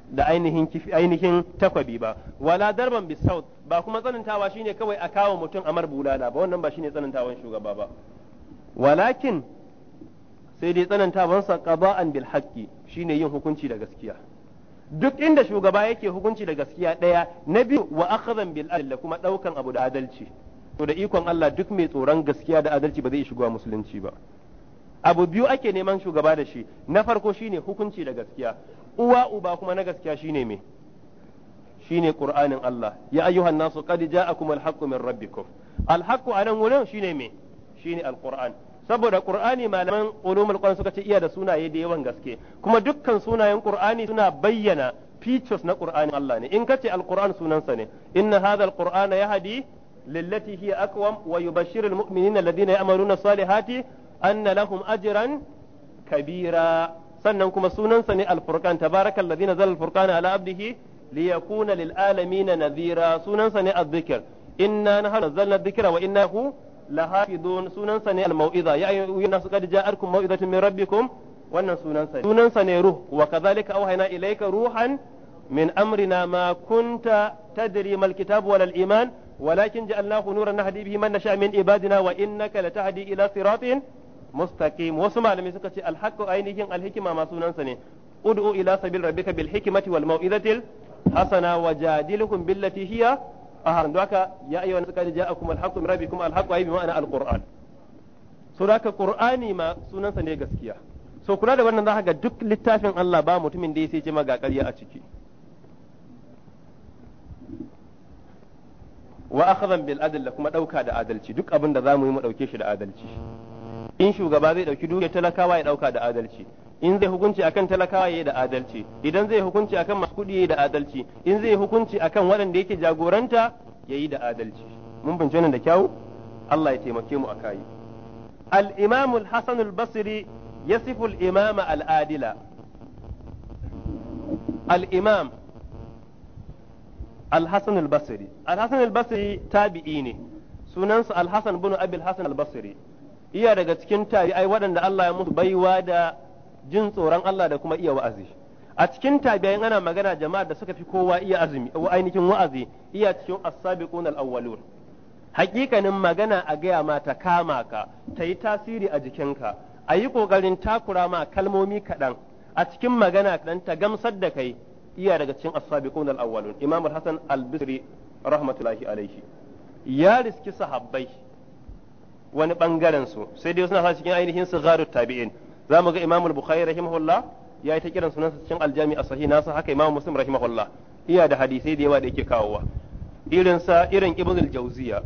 da ainihin ainihin takwabi ba wala darban bisaut ba kuma tsanantawa shine kawai a kawo mutum amar bulala ba wannan ba shine tsanantawan shugaba ba walakin sai dai tsanantawansa qada'an bil haqqi shine yin hukunci da gaskiya duk inda shugaba yake hukunci da gaskiya daya na biyu wa akhadhan bil adl kuma daukan abu da adalci to da ikon Allah duk mai tsoron gaskiya da adalci ba zai shiga musulunci ba abu biyu ake neman shugaba da shi na farko shine hukunci da gaskiya uwa uba kuma na gaskiya shine me shine qur'anin Allah ya ayyuhan nasu qad ja'akum al-haqqu min rabbikum al-haqqu anan wurin shine me shine al-qur'an saboda qur'ani malaman ulumul qur'an suka ce iya da sunaye da yawan gaske kuma dukkan sunayen qur'ani suna bayyana features na qur'ani Allah ne in kace alquran sunansa ne inna hadha ya yahdi lillati hiya aqwam wa yubashshirul mu'minina alladhina ya'maluna salihati anna lahum ajran kabira sannan kuma sunansa ne alfurqan tabarakal ladhina zal alfurqana ala abdihi liyakuna lil alamin nadhira sunansa ne azzikr inna nahnu nazzalna dhikra wa innahu lahafidun sunansa ne al-mau'iza ya ayyuhan nasu qad ja'arkum mau'izatun min rabbikum wannan sunansa ne sunansa ne ruh wa kadhalika auhayna ilayka ruhan min amrina ma kunta tadri mal kitabu wal iman walakin ja'alnahu nuran nahdi bihi man nasha min ibadina wa innaka latahdi ila siratin mustaqim wasu malamai suka ce al-haqqu ainihin al-hikma ma sunansa ne ud'u ila sabil rabbika bil hikmati wal mau'izatil hasana wajadilhum billati hiya aharan da haka ya ayyuhan nasu qad ja'akum al-haqqu min rabbikum al ayi ma'ana al haka qur'ani ma sunansa ne gaskiya so kula da wannan zaka ga duk littafin Allah ba mutumin da ya ce ma ga ƙarya a ciki wa akhadha bil adl kuma dauka da adalci duk abin da zamu yi mu dauke shi da adalci in shugaba zai dauki dukiyar talakawa ya dauka da adalci in zai hukunci akan talakawa yayi da adalci idan zai hukunci akan masu kuɗi yayi da adalci in zai hukunci akan waɗanda yake jagoranta yayi da adalci mun bincike nan da kyau Allah ya taimake mu akai al-imam al-hasan al-basri yasifu al-imama al-adila al-imam al-hasan al-basri al-hasan al-basri tabi'i ne sunansa al-hasan bin abi al-hasan al-basri iya daga cikin tabi'ai waɗanda Allah ya musu baiwa da jin tsoron Allah da kuma iya wa'azi a cikin tabi'in ana magana jama'a da suka fi kowa iya azumi wa ainihin wa'azi iya cikin as-sabiqun al-awwalun hakikanin magana a gaya ma ta kama ka ta yi tasiri a jikinka a yi kokarin takura ma kalmomi kaɗan a cikin magana kaɗan ta gamsar da kai iya daga cikin as-sabiqun al imam al-hasan al rahmatullahi alaihi ya riski sahabbai wani bangaren su sai dai suna sa cikin ainihin sigarut tabi'in za mu ga imamul bukhari rahimahullah ya yi ta kiran sunansa cikin aljami a sahih nasa haka imam muslim rahimahullah iya da hadisai da yawa da yake kawowa irin sa irin ibn al-jawziya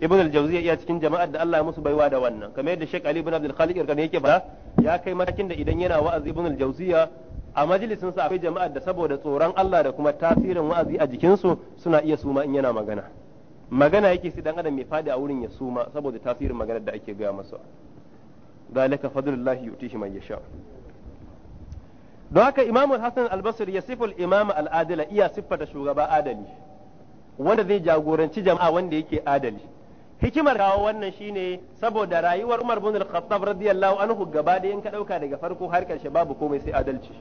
ibn al-jawziya iya cikin jama'ar da Allah ya musu baiwa da wannan kamar yadda Sheikh Ali ibn al Khaliq irkan yake ba ya kai matakin da idan yana wa'azi ibn al-jawziya a majalisin sa akwai jama'ar da saboda tsoron Allah da kuma tasirin wa'azi a jikin su suna iya suma in yana magana magana yake sai dan adam mai fadi a wurin ya suma saboda tasirin maganar da ake gaya masa zalika فضل الله يؤتيه yasha يشاء haka imamu الحسن al يصف ya siful imama al-adila iya siffata shugaba adali wanda zai jagoranci jama'a wanda yake adali hikimar kawo wannan shine saboda rayuwar Umar bin Al-Khattab radiyallahu anhu gaba da yanka dauka daga farko har karshe babu komai sai adalci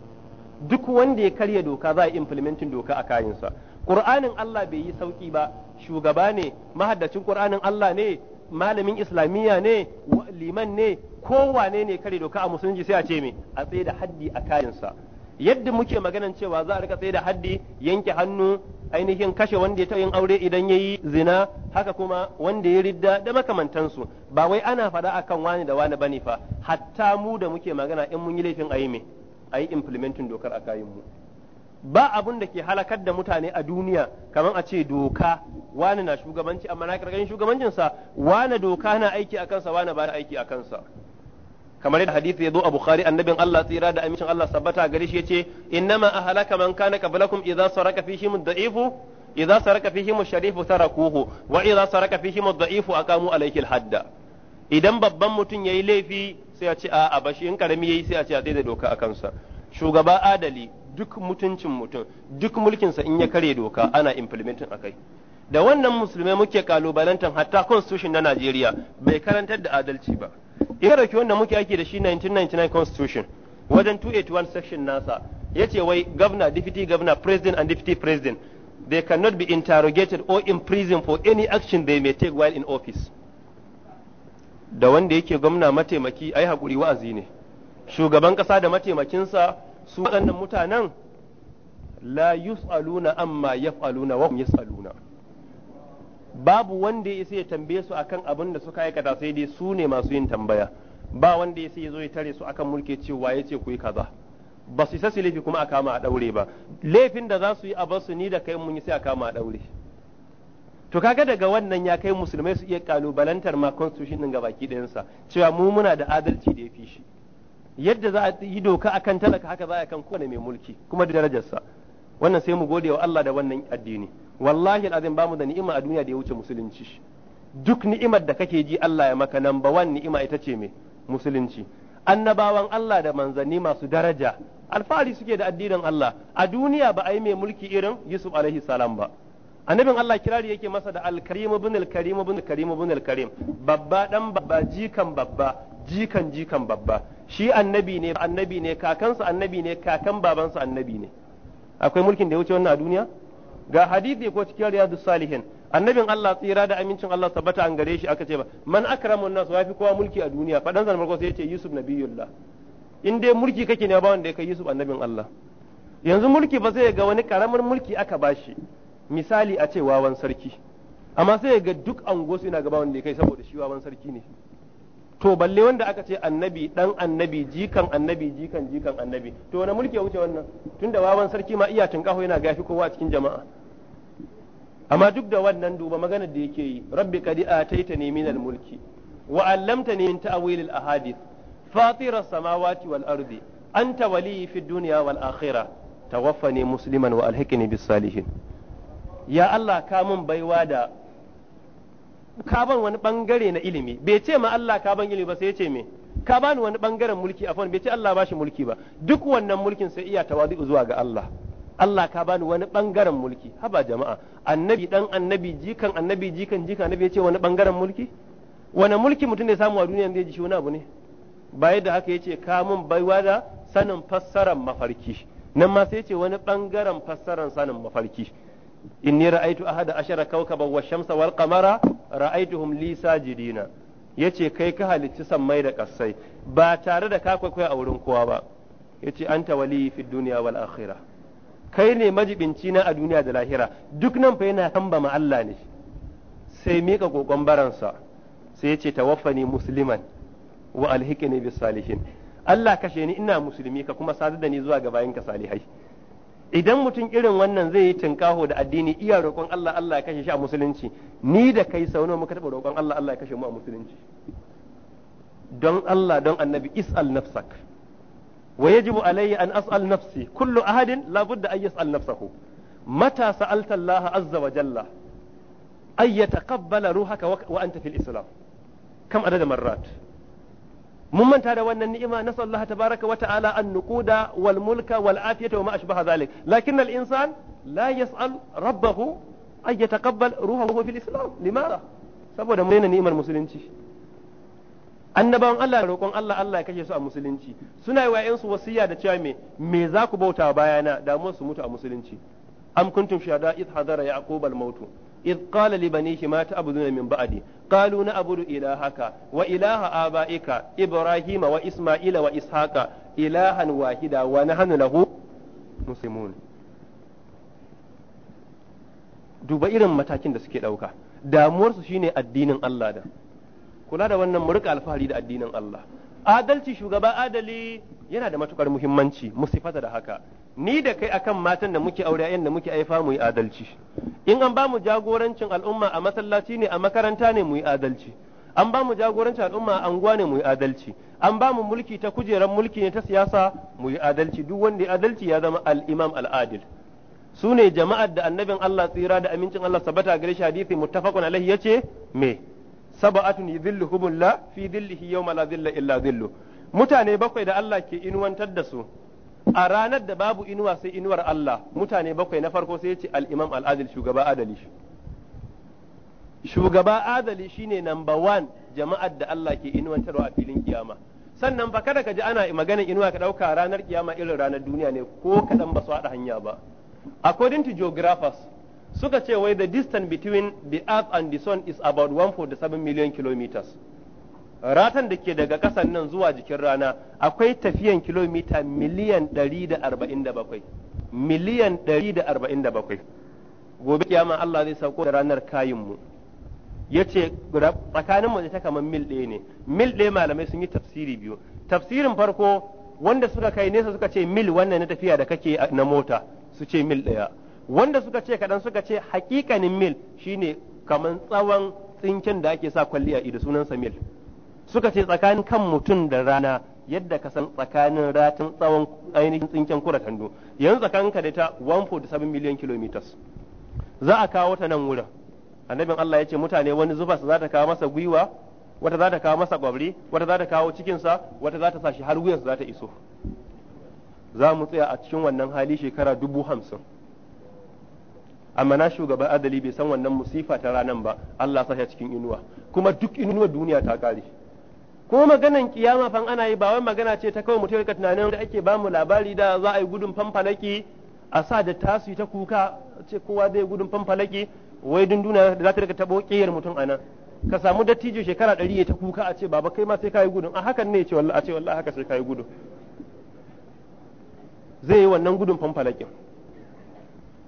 duk wanda ya karya doka za a implementing doka a kayansa Qur'anin Allah bai yi sauki ba shugaba ne mahaddacin Qur'anin Allah ne malamin islamiyya ne liman ne kowane ne kare doka a musulunci sai a ce me a tsaye da haddi a kayansa yadda muke maganan cewa za a rika tsaye da haddi yanke hannu ainihin kashe wanda ya taɓa yin aure idan ya yi zina haka kuma wanda ya ridda da makamantansu ba wai ana faɗa akan wani da wani bane fa hatta mu da muke magana in mun yi laifin a yi me a yi implementing dokar a kayan mu ba abun da ke halakar da mutane a duniya kamar a ce doka wani na shugabanci amma na karkashin shugabancinsa wani doka na aiki a kansa wani ba aiki a kansa kamar yadda hadisi ya zo a bukhari annabin Allah tsira da amincin Allah sabbata gare shi yace innama ahlaka man kana qablakum idza saraka fihi mudda'ifu idza saraka fihi musharifu tarakuhu wa idza saraka fihi mudda'ifu aqamu alayhi idan babban mutum yayi laifi sai a ce a bashi in karami yayi sai a ce a tsaye da doka a kansa shugaba adali duk mutuncin mutum duk mulkinsa in ya kare doka ana implementing akai da wannan musulmai muke kalubalantar hatta constitution na Najeriya bai karantar da adalci ba in rake wannan muke ake da shi 1999 constitution wajen 281 section nasa ya ce wai governor deputy governor president and deputy president they cannot be interrogated or imprisoned for any action they may take while in office da wanda yake gwamna mataimaki ai hakuri wa'azi ne shugaban kasa da mataimakinsa su waɗannan mutanen la yus'aluna amma yaf'aluna wa yus'aluna babu wanda ya ya tambaye su akan abin da suka aikata sai dai su ne masu yin tambaya ba wanda ya ya zo ya tare su akan mulki cewa ya ce ku yi kaza ba su isa su laifi kuma a kama a daure ba laifin da za su yi a basu ni da kai mun yi sai a kama a daure to kaga daga wannan ya kai musulmai su iya kalubalantar ma constitution din gabaki ɗayansa cewa mu muna da adalci da ya fi shi yadda za a yi doka akan talaka haka za a kan kowane mai mulki kuma da darajarsa wannan sai mu gode wa Allah da wannan addini wallahi alazim bamu da ni'ima a duniya da ya wuce musulunci duk ni'imar da kake ji Allah ya maka nan ba ni'ima ita ce me musulunci annabawan Allah da manzanni masu daraja alfahari suke da addinin Allah a duniya ba a yi mai mulki irin Yusuf alaihi salam ba annabin Allah kirari yake masa da alkarim ibn alkarim ibn ibn alkarim babba dan babba jikan babba jikan jikan babba shi annabi ne annabi ne kakansa annabi ne kakan babansa annabi ne akwai mulkin da ya wuce wannan a duniya ga hadisi ko cikin riyadu salihin annabin Allah tsira da amincin Allah tabbata an gare shi aka ce ba man akramun nas wafi kowa mulki a duniya fadan sa farko sai ya ce yusuf nabiyullah in dai mulki kake ne ba wanda ya kai yusuf annabin Allah yanzu mulki ba sai ga wani karamar mulki aka bashi misali a ce wawan sarki amma sai ga duk ango suna ina gaba wanda ya kai saboda shi wawan sarki ne to balle wanda aka ce annabi dan annabi jikan annabi jikan jikan annabi to wani mulki ya wuce wannan tunda wawan sarki ma iya kaho yana gafi kowa a cikin jama'a amma duk da wannan duba maganar da yake yi rabbi qad ataitani min al-mulki wa 'allamtani min ta'wil al-ahadith fatir as-samawati wal ardi anta wali fi dunya wal akhirah ne musliman wa alhiqni bis ya Allah ka mun baiwa da ka ban wani bangare na ilimi bai ce ma Allah ka ban ilimi ba sai ya ce me ka bani wani bangaren mulki afwan bai ce Allah bashi mulki ba duk wannan mulkin sai iya tawazu zuwa ga Allah Allah ka bani wani bangaren mulki haba jama'a annabi dan annabi jikan annabi jikan jikan annabi ya ce wani bangaren mulki wani mulki mutum ne samu a duniya zai ji shi wani abu ne ba da haka ya ce ka mun baiwa da sanin fassarar mafarki nan ma sai ya ce wani bangaren fassarar sanin mafarki inni ra'aitu ahada ashara kawkaba wa shamsa wal qamara ra'aituhum li sajidina yace kai ka halicci sammai da kasai ba tare da ka kwaikwaya a wurin kowa ba yace anta wali fi dunya wal akhirah kai ne majibinci na a duniya da lahira duk nan fa yana tamba ma Allah ne sai mika kokon baransa sai yace tawaffani musliman wa alhiqni bis salihin Allah kashe ni ina musulmi ka kuma sadar da ni zuwa ga bayinka salihai idan mutum irin wannan zai yi tinkaho da addini iya roƙon Allah Allah ya kashe shi a musulunci ni da kai sau nawa muka taɓa roƙon Allah Allah ya kashe mu a musulunci don Allah don annabi is'al nafsak wa yajibu alayya an as'al nafsi kullu ahadin la budda an yas'al nafsahu mata sa'alta Allah azza wa jalla ay yataqabbala ruhaka wa anta fil islam kam adada marrat mun manta da wannan ni'ima ta baraka wa ta'ala an nukuda wal mulka wal afiyata wa ma ashbaha dhalik lakin al insan la yas'al rabbahu ay yataqabbal ruhuhu fil islam limara saboda mun ni'imar musulunci annabawan Allah roƙon Allah Allah ya kashe su a musulunci suna yi wa ƴansu wasiya da cewa me me za ku bauta bayana da mu su mutu a musulunci am kuntum shuhada id hadara yaqub al maut id qala li banihi ma ta'buduna min ba'di قالوا نعبد إلهك وإله آبائك إبراهيم وإسماعيل وإسحاق إلها واحدا ونحن له مسلمون duba irin matakin da suke ɗauka damuwarsu shine addinin Allah da kula da wannan mu rika alfahari da addinin Allah adalci shugaba adali yana da matukar muhimmanci mu sifata da haka ni da kai akan matan da muke aure da muke aifa mu yi adalci in an ba mu jagorancin al'umma a masallaci ne a makaranta ne mu yi adalci an ba mu jagorancin al'umma a anguwa ne mu yi adalci an ba mu mulki ta kujeran mulki ne ta siyasa mu yi adalci duk wanda ya adalci ya zama al-imam al-adil su ne jama'ar da annabin Allah tsira da amincin Allah sabata gare shi hadisi muttafaqun alaihi yace me sab'atun la fi dhillihi yawma la dhilla illa dhillu mutane bakwai da Allah ke inuwantar da su a ranar da babu inuwa sai inuwar Allah mutane bakwai na farko sai ya ce al-imam al-adil shugaba adali shugaba adali shine number one jama'ar da Allah ke inuwantarwa a filin kiyama sannan fa kada ka ji ana maganar inuwa ka dauka ranar kiyama irin ranar duniya ne ko kadan ba su hada hanya ba according to geographers suka ce wai the distance between the earth and the sun is about 147 million kilometers ratan da ke daga kasan nan zuwa jikin rana akwai tafiyan kilomita miliyan 147 miliyan 147 gobe kiyama Allah zai sauko da ranar kayin ya ce tsakanin mu ta kamar mil ɗaya ne mil ɗaya malamai sun yi tafsiri biyu tafsirin farko wanda suka kai nesa suka ce mil wannan na tafiya da kake na mota su ce mil ɗaya wanda suka ce kaɗan suka ce hakikanin mil shine kamar tsawon tsinken da ake sa kwalliya ido sunansa mil suka ce tsakanin kan mutum da rana yadda ka san tsakanin ratin tsawon ainihin tsinken kura tando yanzu ka da ta 147 million kilometers za a kawo ta nan wurin annabin Allah ya ce mutane wani zuba za ta kawo masa gwiwa wata za ta kawo masa gwabri wata za ta kawo cikinsa wata za ta sa shi har wuyansa za ta iso za mu tsaya a cikin wannan hali shekara dubu hamsin amma na shugaba adali bai san wannan musifa ta ranan ba Allah sa cikin inuwa kuma duk inuwa duniya ta kare ko maganan kiyama fan ana yi ba wai magana ce ta kawai mutum ka tunanin da ake bamu labari da za a yi gudun fanfalaki a sa da tasu ta kuka ce kowa zai gudun fanfalaki wai dunduna da za ta rika tabo kiyar mutum ana ka samu dattijo shekara ɗari ya ta kuka a ce baba kai ma sai ka yi gudun a hakan ne ce wallahi a ce wallahi haka sai ka yi gudun zai yi wannan gudun fanfalakin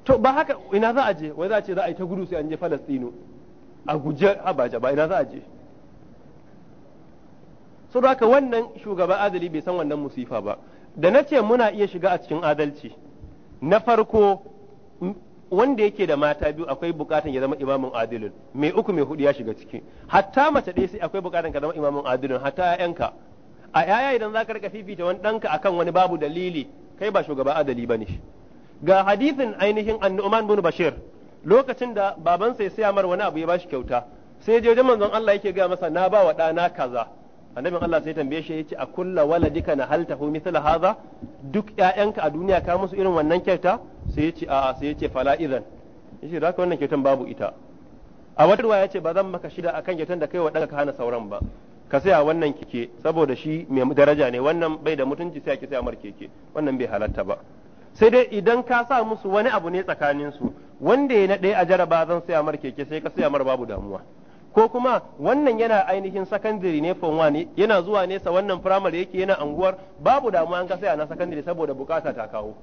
to ba haka ina za a je wai za a ce za a yi ta gudu sai an je falastino a guje abaja ba ina za a je sau haka wannan shugaban adali bai san wannan musifa ba da na ce muna iya shiga a cikin adalci na farko wanda yake da mata biyu akwai bukatan ya zama imamin adilin mai uku mai hudu ya shiga ciki hatta mace ɗaya sai akwai bukatan ka zama imamin adilin hatta ƴaƴanka a yaya idan za ka rika fifita wani ɗanka akan wani babu dalili kai ba shugaban adali ba ne. ga hadisin ainihin annu'man bin bashir lokacin da babansa ya saya mar wani abu ya bashi kyauta sai je wajen manzon Allah yake ga masa na ba wa na kaza annabin Allah sai tambaye shi yace a kulla waladika na hal tahu mithla hadha duk ƴaƴanka a duniya ka musu irin wannan kyauta sai yace a sai yace fala idan yace da wannan kyautan babu ita a wata ruwa yace ba zan maka shida akan kyautan da kai wa danka hana sauran ba ka a wannan kike saboda shi mai daraja ne wannan bai da mutunci sai ki saya amar keke wannan bai halarta ba sai dai idan ka sa musu wani abu ne tsakaninsu wanda ya naɗe a jaraba zan saya mar keke sai ka saya mar babu damuwa ko kuma wannan yana ainihin sakandare ne form one yana zuwa nesa wannan firamare yake yana anguwar babu damuwa an ka saya na sakandare saboda bukata ta kawo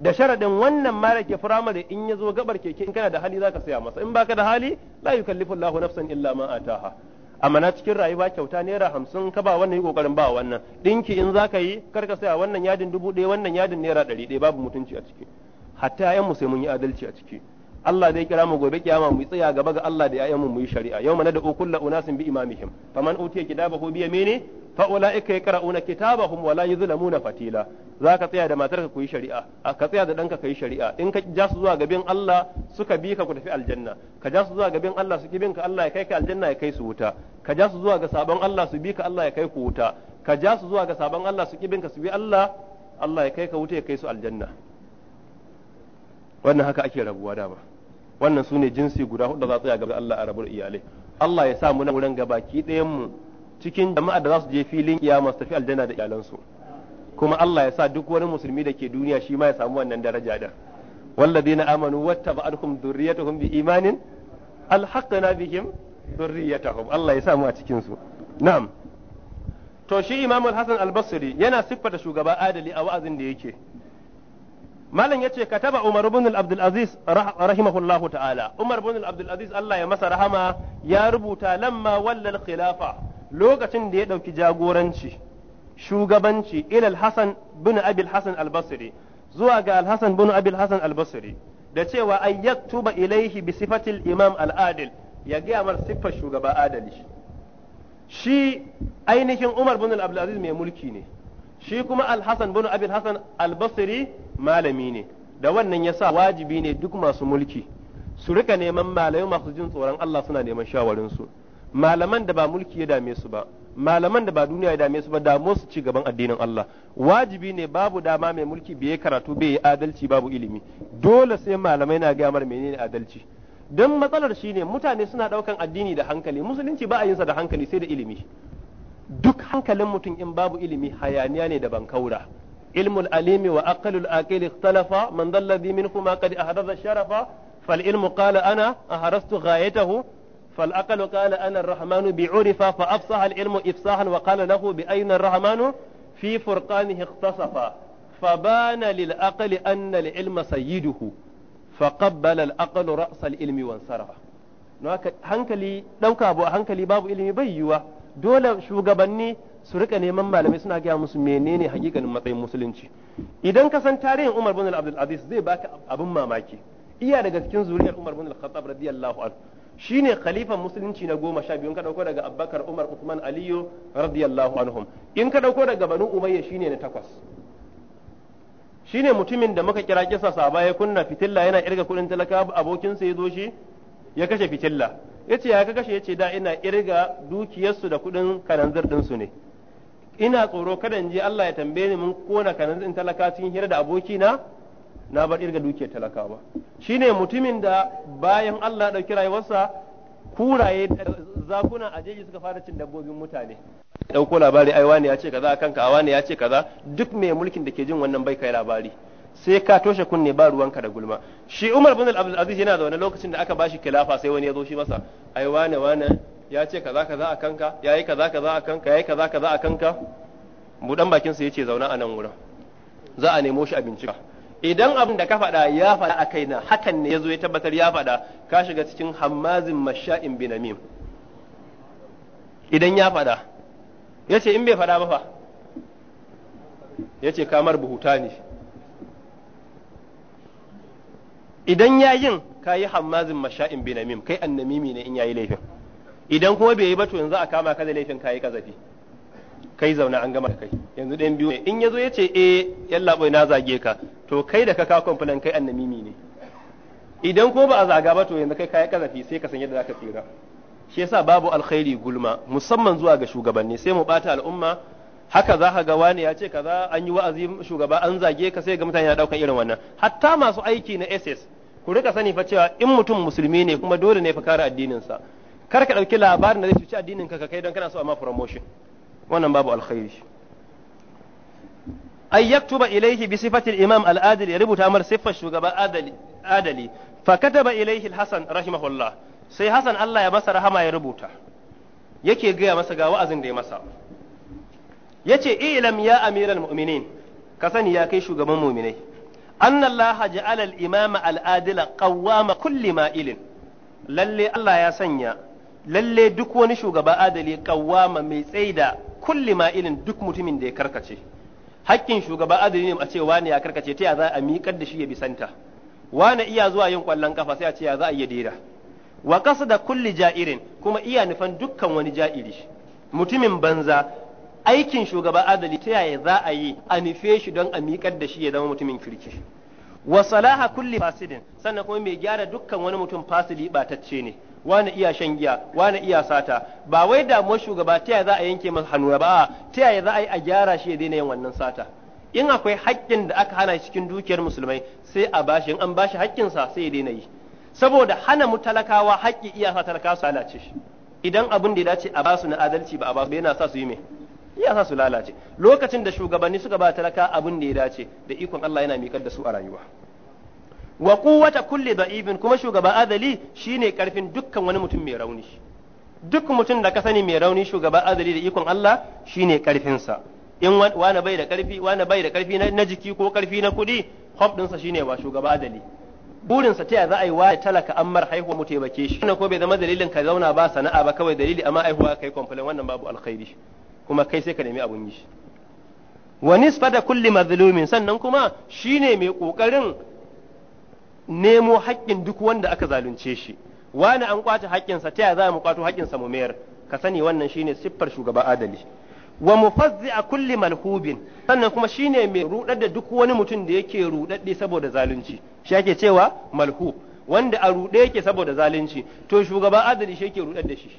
da sharadin wannan mara ke firamare in ya zo gabar keke in kana da hali zaka saya masa in baka da hali la yukallifu Allahu nafsan illa ma ataha amana cikin rayuwa kyauta naira hamsin ka ba wannan yi kokarin ba wannan ɗinki in za ka yi kar ka saya wannan yadin dubu ɗaya wannan yadin naira ɗari ɗaya babu mutunci a ciki hatta 'yan mu sai mun yi adalci a ciki Allah zai kira mu gobe kiyama mu tsaya gaba ga Allah da ya'yan mu mu yi shari'a yau mana da kullu unasin bi imamihim faman utiya kitabahu bi yamini fa ulaika yaqra'una kitabahum wa la yuzlamuna fatila zaka tsaya da matarka ku yi shari'a ka tsaya da danka ka yi shari'a in ka ja su zuwa gaban Allah suka bi ka ku tafi aljanna ka ja su zuwa gaban Allah su bin ka Allah ya kai ka aljanna ya kai su wuta ka ja su zuwa ga sabon Allah su bi ka Allah ya kai ku wuta ka ja su zuwa ga sabon Allah su bin ka su bi Allah Allah ya kai ka wuta ya kai su aljanna wannan haka ake rabuwa dama wannan su ne jinsi guda hudu da za su ya gaba Allah a rabar iyalai Allah ya sa mu wurin gabaki ɗayan mu cikin jama'a da za su je filin kiyama su tafi aljanna da iyalansu kuma Allah ya sa duk wani musulmi da ke duniya shi ma ya samu wannan daraja da bi imanin واتبعتهم ذريتهم بإيمان Allah ya sa mu a أتكين سو na'am to shi imamul hasan al-basri yana siffata shugaba adali a wa'azin da yake malam yace kataba Umar ibn Abdul Aziz rahimahullahu ta'ala Umar ibn Abdul Aziz Allah ya masa rahama ya rubuta lamma wallal khilafa lokacin da ya dauki jagoranci shugabanci ila al-Hasan bin Abi al-Hasan al-Basri zuwa ga al-Hasan bin Abi al-Hasan al-Basri da cewa ay yaktuba ilaihi bi sifatil imam al-adil ya ga mar siffar shugaba adali shi ainihin Umar ibn Abdul Aziz mai mulki ne shi kuma al-Hasan bin Abi al-Hasan al-Basri malami ne da wannan ya sa wajibi ne duk masu mulki su rika neman malamai masu jin tsoron Allah suna neman shawarin su malaman da ba mulki ya dame su ba malaman da ba duniya ya dame su ba damo su ci gaban addinin Allah wajibi ne babu dama mai mulki bai karatu bai yi adalci babu ilimi dole sai malamai na gamar menene adalci don matsalar shine mutane suna daukan addini da hankali musulunci ba a yin sa da hankali sai da ilimi duk hankalin mutum in babu ilimi hayaniya ne da bankaura علم الأليم وأقل الآكل اختلف من ذا الذي منكما قد أحرز الشرف فالعلم قال أنا أحرزت غايته فالأقل قال أنا الرحمن بعرف فأفصح العلم إفصاحا وقال له بأين الرحمن في فرقانه اختصف فبان للأقل أن العلم سيده فقبل الأقل رأس العلم وانصرف هنكلي ɗauka أبو a hankali babu ilimi bai yiwa su rika neman malamai suna gaya musu menene hakikanin matsayin musulunci idan ka san tarihin Umar bin Abdul Aziz zai baka abin mamaki iya daga cikin zuriyar Umar bin Al-Khattab radiyallahu anhu shine khalifan musulunci na goma sha biyu ka dauko daga Abubakar Umar Uthman Aliyu radiyallahu anhum in ka dauko daga Banu Umayya shine na takwas shine mutumin da muka kira kisa saba ya kunna fitilla yana irga kudin talaka abokin sa yazo shi ya kashe fitilla yace ya ka kashe yace da ina irga dukiyarsu da kudin kananzir din su ne ina tsoro kada in je Allah ya tambaye ni mun kona kanan in talaka cikin hira da abokina na bar irga dukiyar ba shine mutumin da bayan Allah dauki rayuwarsa kuraye zakuna a jeji suka fara cin dabbobin mutane dauko labari ai wani ya ce kaza kanka a wani ya ce kaza duk mai mulkin da ke jin wannan bai kai labari sai ka toshe kunne ba ruwanka da gulma shi Umar ibn Abdul Aziz yana da wani lokacin da aka bashi khilafa sai wani ya zo shi masa ai wani wani ya ce kaza kaza a kanka ya yi kaza kaza a kanka ya yi kaza kaza a kanka budan bakin sa yace zauna a nan wurin za a nemo shi a bincika idan abin da ka faɗa ya faɗa a kaina hakan ne yazo ya tabbatar ya faɗa ka shiga cikin hammazin masha'in binamim idan ya faɗa yace in bai faɗa ba fa yace kamar buhuta ne idan yayin ka yi hammazin masha'in binamim kai annamimi ne in yayi laifin idan kuma bai yi ba to yanzu a kama ka da laifin kayi kazafi kai zauna an gama kai yanzu ɗan biyu ne in yazo ya ce eh yalla boy na zage ka to kai da ka ka complain kai annamimi ne idan kuma ba a zaga ba to yanzu kai kayi kazafi sai ka san yadda zaka tsira shi yasa babu alkhairi gulma musamman zuwa ga shugabanni sai mu bata al'umma haka za ka ga wani ya ce kaza an yi wa'azi shugaba an zage ka sai ga mutane na daukan irin wannan hatta masu aiki na SS ku rika sani fa cewa in mutum musulmi ne kuma dole ne fa kare addinin sa kar ka ɗauki labarin da zai cuci addinin ka kai don kana so a ma promotion wannan babu alkhairi ay yaktuba ilayhi bi sifati al-imam al ya rubuta mar siffar shugaban adali adali fa kataba ilayhi al-hasan rahimahullah sai hasan Allah ya masa rahama ya rubuta yake gaya masa ga wa'azin da ya masa yace ilam ya amiral mu'minin ka sani ya kai shugaban mu'minai anna Allah ja'ala al-imama al-adila qawwama kulli ma'ilin lalle Allah ya sanya lalle duk wani shugaba adali kawwama mai tsaida kulli ma irin duk mutumin da ya karkace hakkin shugaba adali ne a ce wani ya karkace ta ya za a miƙar da shi ya bisanta wani iya zuwa yin kwallon kafa sai a ce ya za a yi dera wa da kulli ja'irin kuma iya nufan dukkan wani ja'iri mutumin banza aikin shugaba adali ta yaya za a yi a nufe shi don a miƙar da shi ya zama mutumin kirki wa salaha kulli fasidin sannan kuma mai gyara dukkan wani mutum fasidi batacce ne wani iya shan giya wani iya sata ba wai mu shugaba ta yaya za a yanke masa hannu ba ta yaya za a yi a gyara shi ya daina yin wannan sata in akwai haƙƙin da aka hana cikin dukiyar musulmai sai a bashi in an bashi haƙƙinsa sai ya daina yi saboda hana mu talakawa haƙƙi iya sa talakawa su lalace shi idan abin da ya dace a basu na adalci ba a basu yana sa su yi me iya sa su lalace lokacin da shugabanni suka ba talaka abin da ya dace da ikon Allah yana miƙar da su a rayuwa wa quwwata kulli da'ibin kuma shugaba azali shine karfin dukkan wani mutum mai rauni duk mutum da ka sani mai rauni shugaba azali da ikon Allah shine karfin sa in wani bai da karfi wani bai da karfi na jiki ko karfi na kuɗi hob sa shine wa shugaba burin burinsa ta za a yi wa talaka an haihuwa mu taimake shi ko bai zama dalilin ka zauna ba sana'a ba kawai dalili amma aihuwa kai kwamfalin wannan babu alkhairi kuma kai sai ka nemi abun yi wa nisfa da kulli mazlumin sannan kuma shine mai kokarin nemo haƙƙin duk wanda aka zalunce shi wani an kwace haƙƙinsa ta ya za mu kwato haƙƙinsa mu mayar ka sani wannan shine siffar shugaba adali wa mufazzi a kulli malhubin sannan kuma shine mai rudar da duk wani mutum da yake rudaddi saboda zalunci shi ake cewa malhub wanda a rude yake saboda zalunci to shugaba adali shi yake rudar da shi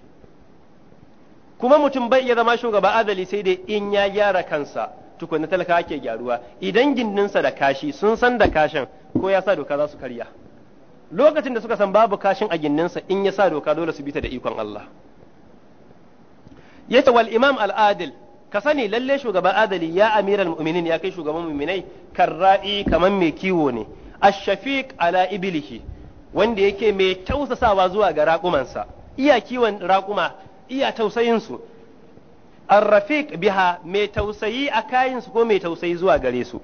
kuma mutum bai ya zama shugaba adali sai dai in ya gyara kansa tukunna talaka ake gyaruwa idan gindinsa da kashi sun san da kashin ko ya sa doka za su karya lokacin da suka san babu kashin a ginninsa in ya sa doka dole su bita da ikon Allah yace wal imam al adil ka sani lalle shugaban adali ya amiral mu'minin ya kai shugaban mu'minai karra'i kamar mai kiwo ne ash-shafiq ala iblihi wanda yake mai tausasawa zuwa ga raƙumansa iya kiwon raƙuma iya tausayin su ar-rafiq biha mai tausayi a kayansu ko mai tausayi zuwa gare su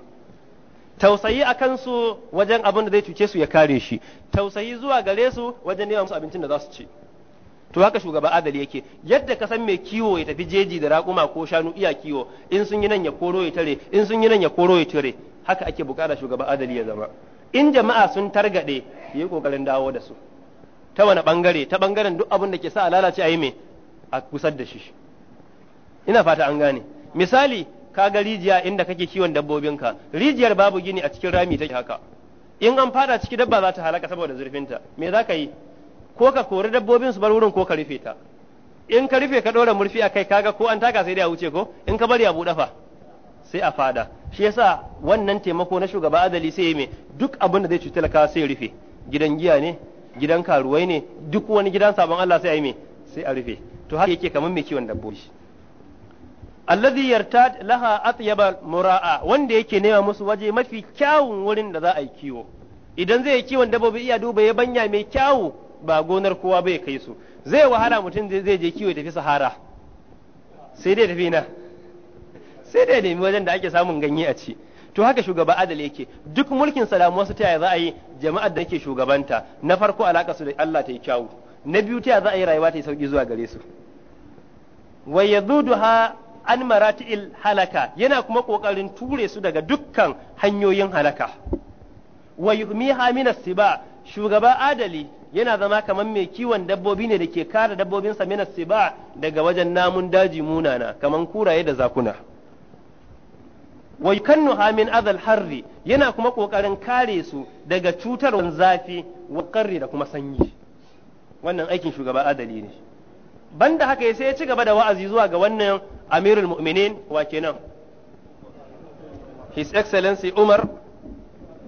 tausayi a kansu wajen abin da zai cuce su ya kare shi tausayi zuwa gare su wajen nema musu abincin da za su ci to haka shugaba adali yake yadda ka san mai kiwo ya tafi jeji da raƙuma ko shanu iya kiwo in sun yi nan ya koro ya tare in sun yi nan ya koro ya tare haka ake bukata shugaba adali ya zama in jama'a sun targade yi kokarin dawo da su ta wani bangare ta bangaren duk abin da ke sa a lalace a yi me a kusar da shi ina fata an gane misali ka ga rijiya inda kake kiwon dabbobinka rijiyar babu gini a cikin rami take haka in an fada ciki dabba za ta halaka saboda zurfinta me za ka yi ko ka kori dabbobin su bar wurin ko ka rufe ta in ka rufe ka ɗora murfi a kai kaga ko an taka sai dai a wuce ko in ka bari a buɗe fa sai a fada shi yasa wannan taimako na shugaba adali sai ya me duk abin da zai cuci talakawa sai rufe gidan giya ne gidan karuwai ne duk wani gidan sabon Allah sai a yi me sai a rufe to haka yake kamar mai kiwon dabbobi alladhi yartad laha atyaba mura'a wanda yake nema musu waje mafi kyawun wurin da za a yi kiwo idan zai yi kiwon dabbobi iya duba ya banya mai kyawu ba gonar kowa bai kai su zai wahala mutum zai je kiwo ya tafi sahara sai dai tafi na sai dai nemi wajen da ake samun ganye a ci to haka shugaba adal yake duk mulkin salamu wasu ta za a yi jama'ar da yake shugabanta na farko alaka su da Allah ta yi kyawu na biyu ta za a yi rayuwa ta yi sauki zuwa gare su wa ha? an marati'il halaka yana kuma kokarin ture su daga dukkan hanyoyin halaka wa yuhmiha min siba shugaba adali yana zama kamar mai kiwon dabbobi ne da ke kare sa min siba daga wajen namun daji munana kamar kuraye da zakuna wa yukannuha min adal harri yana kuma kokarin kare su daga cutarwar zafi wa karri da kuma sanyi wannan aikin shugaba adali ne banda haka sai ya ci gaba da wa'azi zuwa ga wannan amirul mu'minin wa kenan his excellency umar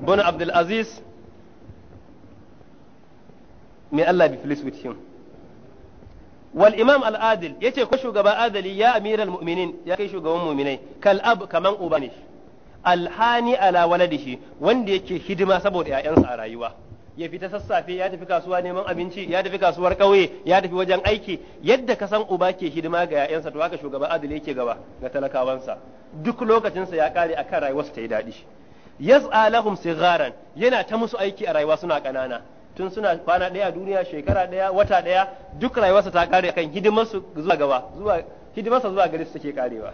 bin abdul aziz may Allah be pleased with him wal imam al adil yace ko shugaba adali ya amiral mu'minin ya kai shugaban mu'minai kal ab kaman uba ne alhani ala waladihi wanda yake hidima saboda ƴaƴansa a rayuwa ya fita sassafe ya tafi kasuwa neman abinci ya tafi kasuwar kauye ya tafi wajen aiki yadda ka san uba ke hidima ga 'ya'yansa to haka shugaba adali yake gaba ga talakawansa duk lokacinsa ya kare akan rayuwarsa ta yi daɗi yas alahum sigharan yana ta musu aiki a rayuwa suna kanana tun suna kwana ɗaya duniya shekara ɗaya wata ɗaya duk rayuwarsa ta kare akan hidimarsu zuwa gaba zuwa hidimarsa zuwa gare su take karewa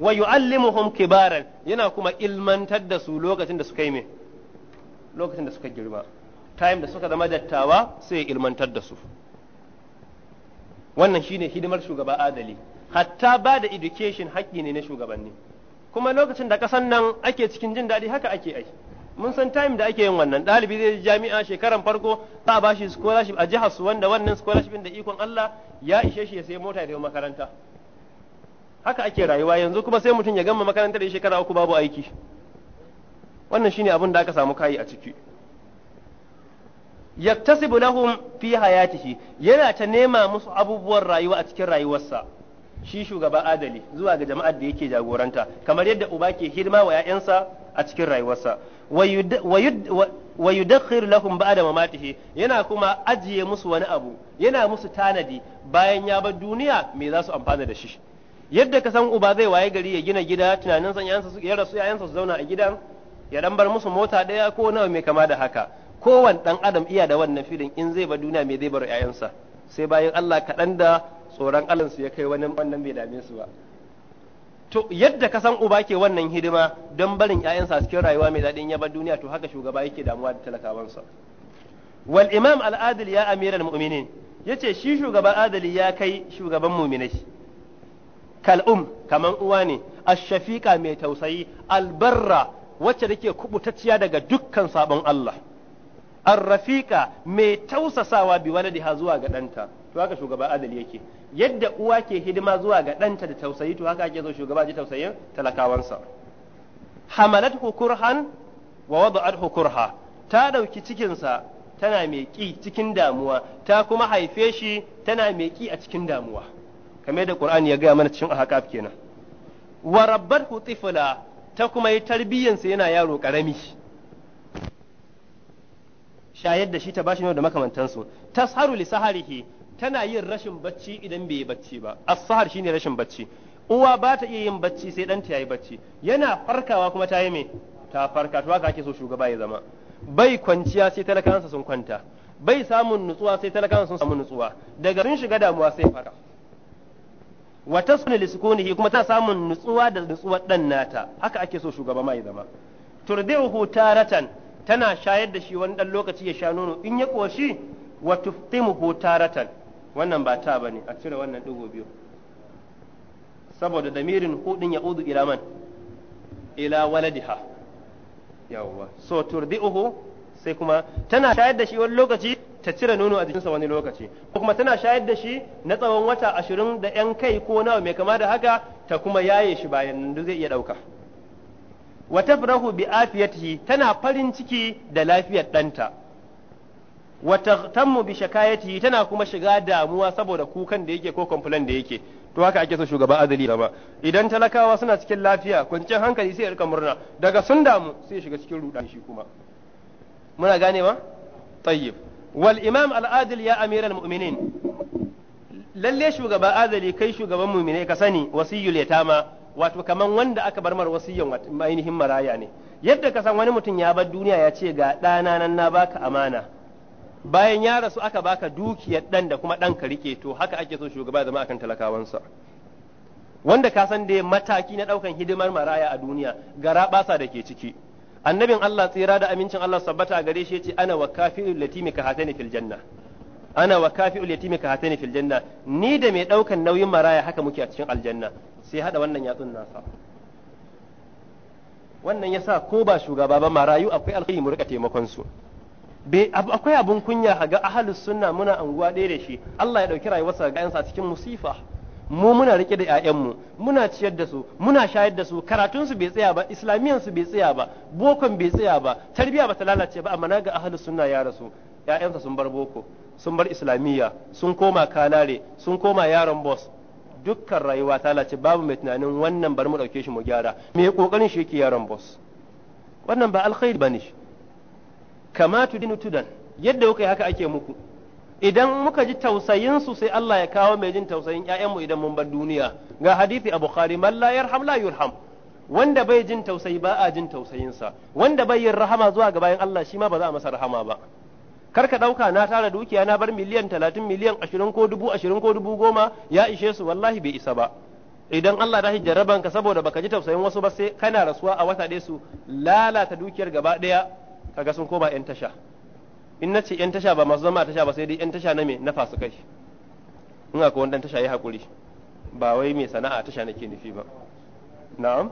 wa yu'allimuhum kibaran yana kuma ilmantar da su lokacin da suka yi me lokacin da suka girma time da suka zama dattawa sai ya ilmantar da su wannan shine hidimar shugaba adali hatta ba da education haƙƙi ne na shugabanni kuma lokacin da ƙasan nan ake cikin jin daɗi haka ake ai mun san time da ake yin wannan ɗalibi zai je jami'a shekaran farko za a bashi scholarship a jihar su wanda wannan scholarship da ikon Allah ya ishe shi ya sayi mota ya makaranta haka ake rayuwa yanzu kuma sai mutum ya gama makarantar da shekara uku babu aiki wannan shine abin da aka samu kayi a ciki yaktasibu lahum fi hayatihi yana ta nema musu abubuwan rayuwa a cikin rayuwarsa shi shugaba adali zuwa ga jama'ar da yake jagoranta kamar yadda uba ke hidima wa 'ya'yansa a cikin rayuwarsa wa yudakhir lahum ba'da mamatihi yana kuma ajiye musu wani abu yana musu tanadi bayan ya bar duniya me za su amfana da shi yadda ka san uba zai waye gari ya gina gida tunanin san ƴaƴansa su ya rasu 'ya'yansa su zauna a gidan ya dan bar musu mota ɗaya ko nawa mai kama da haka kowane ɗan adam iya da wannan filin in zai ba duniya mai zai bar ƴaƴansa sai bayan Allah kaɗan da tsoron Allah su ya kai wani wannan bai dame su ba to yadda ka san uba ke wannan hidima don barin ƴaƴansa cikin rayuwa mai daɗin ya bar duniya to haka shugaba yake damuwa da talakawansa wal imam al adil ya amiran mu'minin yace shi shugaban adali ya kai shugaban mu'minai kal um kaman uwa ne ash-shafiqa mai tausayi albarra wacce take kubutacciya daga dukkan sabon Allah arrafiqa mai tausasawa bi waladiha zuwa ga ɗanta to haka shugaba adali yake yadda uwa ke hidima zuwa ga ɗanta da tausayi to haka ake zo shugaba ji tausayin talakawansa hamalat kurhan wa wada'athu kurha ta ɗauki cikinsa tana mai ƙi cikin damuwa ta kuma haife shi tana mai ƙi a cikin damuwa kamar da Qur'ani ya gaya mana cikin ahqaf kenan wa rabbathu tifla ta kuma yi tarbiyyansa yana yaro karami shayar da shi ta bashi da makamantansu tasharu li saharihi tana yin rashin bacci idan bai yi bacci ba as-sahar shine rashin bacci uwa ba ta iya yin bacci sai ta yi bacci yana farkawa kuma ta yi me ta farka to haka ake so shugaba ya zama bai kwanciya sai talakansa sun kwanta bai samun nutsuwa sai talakansa sun samu nutsuwa daga sun shiga damuwa sai fara wa tasunu li sukunihi kuma ta samun nutsuwa da nutsuwar dan nata haka ake so shugaba ma ya zama turdihu taratan tana shayar da shi wani ɗan lokaci ya sha nono in ya ƙoshi wa tuftimuhu taratan wannan ba ta bane a cire wannan ɗigo biyu saboda damirin hudin ya udu ila man ila waladiha yawwa so turdi'uhu sai kuma tana shayar da shi wani lokaci ta cire nono a jikinsa wani lokaci ko kuma tana shayar da shi na tsawon wata ashirin da yan kai ko nawa mai kama da haka ta kuma yaye shi bayan duk zai iya ɗauka. wa tafrahu bi afiyatihi tana farin ciki da lafiyar ɗanta wa tahtammu bi shakayatihi tana kuma shiga damuwa saboda kukan da yake ko complain da yake to haka ake so shugaba azali zama idan talakawa suna cikin lafiya kwanciyar hankali sai rika murna daga sun damu sai shiga cikin ruɗa shi kuma muna ganewa tayyib wal imam al adil ya amiral mu'minin lalle shugaba azali kai shugaban mu'minai ka sani wasiyul yatama wato kaman wanda aka bar mar wasiyyan ainihin maraya ne yadda ka san wani mutum ya bar duniya ya ce ga ɗana nan na baka amana bayan ya rasu aka baka dukiyar ɗan da kuma ɗan ka rike to haka ake so shugaba zama akan talakawansa wanda ka san dai mataki na ɗaukan hidimar maraya a duniya gara basa da ke ciki annabin Allah tsira da amincin Allah sabbata gare shi ya ce ana wa kafirul latimi ka hatani fil janna ana wa kafi'ul yatimi ka hatani fil janna ni da mai daukan nauyin maraya haka muke a cikin aljanna sai hada wannan yatsun nasa wannan yasa ko ba shugaba ba marayu akwai alkhairi mu rika taimakon su akwai abun kunya ga ahlus sunna muna anguwa ɗaya da shi Allah ya dauki rayuwarsa ga yansa cikin musifa mu muna rike da mu muna ciyar da su muna shayar da su karatun su bai tsaya ba islamiyan su bai tsaya ba bokon bai tsaya ba tarbiya ba ta lalace ba amma na ga ahlus sunna ya rasu sa sun bar boko sun bar islamiyya sun koma kanare sun koma yaron boss dukkan rayuwa ta lace babu mai tunanin wannan bari mu dauke shi mu gyara me kokarin shi yake yaron boss wannan ba alkhairi bane shi kama tudinu tudan yadda kuka haka ake muku idan muka ji tausayin su sai Allah ya kawo mai jin tausayin ƴaƴanmu idan mun bar duniya ga hadisi a bukhari man la yarham la yurham wanda bai jin tausayi ba a jin tausayinsa wanda bai yin rahama zuwa ga bayan Allah shi ma ba za a masa rahama ba kar ka ɗauka na tara dukiya na bar miliyan talatin miliyan ashirin ko dubu ashirin ko dubu goma ya ishe su wallahi bai isa ba idan Allah ta jarraban ka saboda baka ji tausayin wasu ba sai kana rasuwa a wata ɗaya su lalata dukiyar gaba ɗaya kaga sun koma yan tasha in na ce yan tasha ba masu zama tasha ba sai dai yan tasha na me na kai? in akwai wani tasha ya hakuri? ba wai mai sana'a tasha nake nufi ba na'am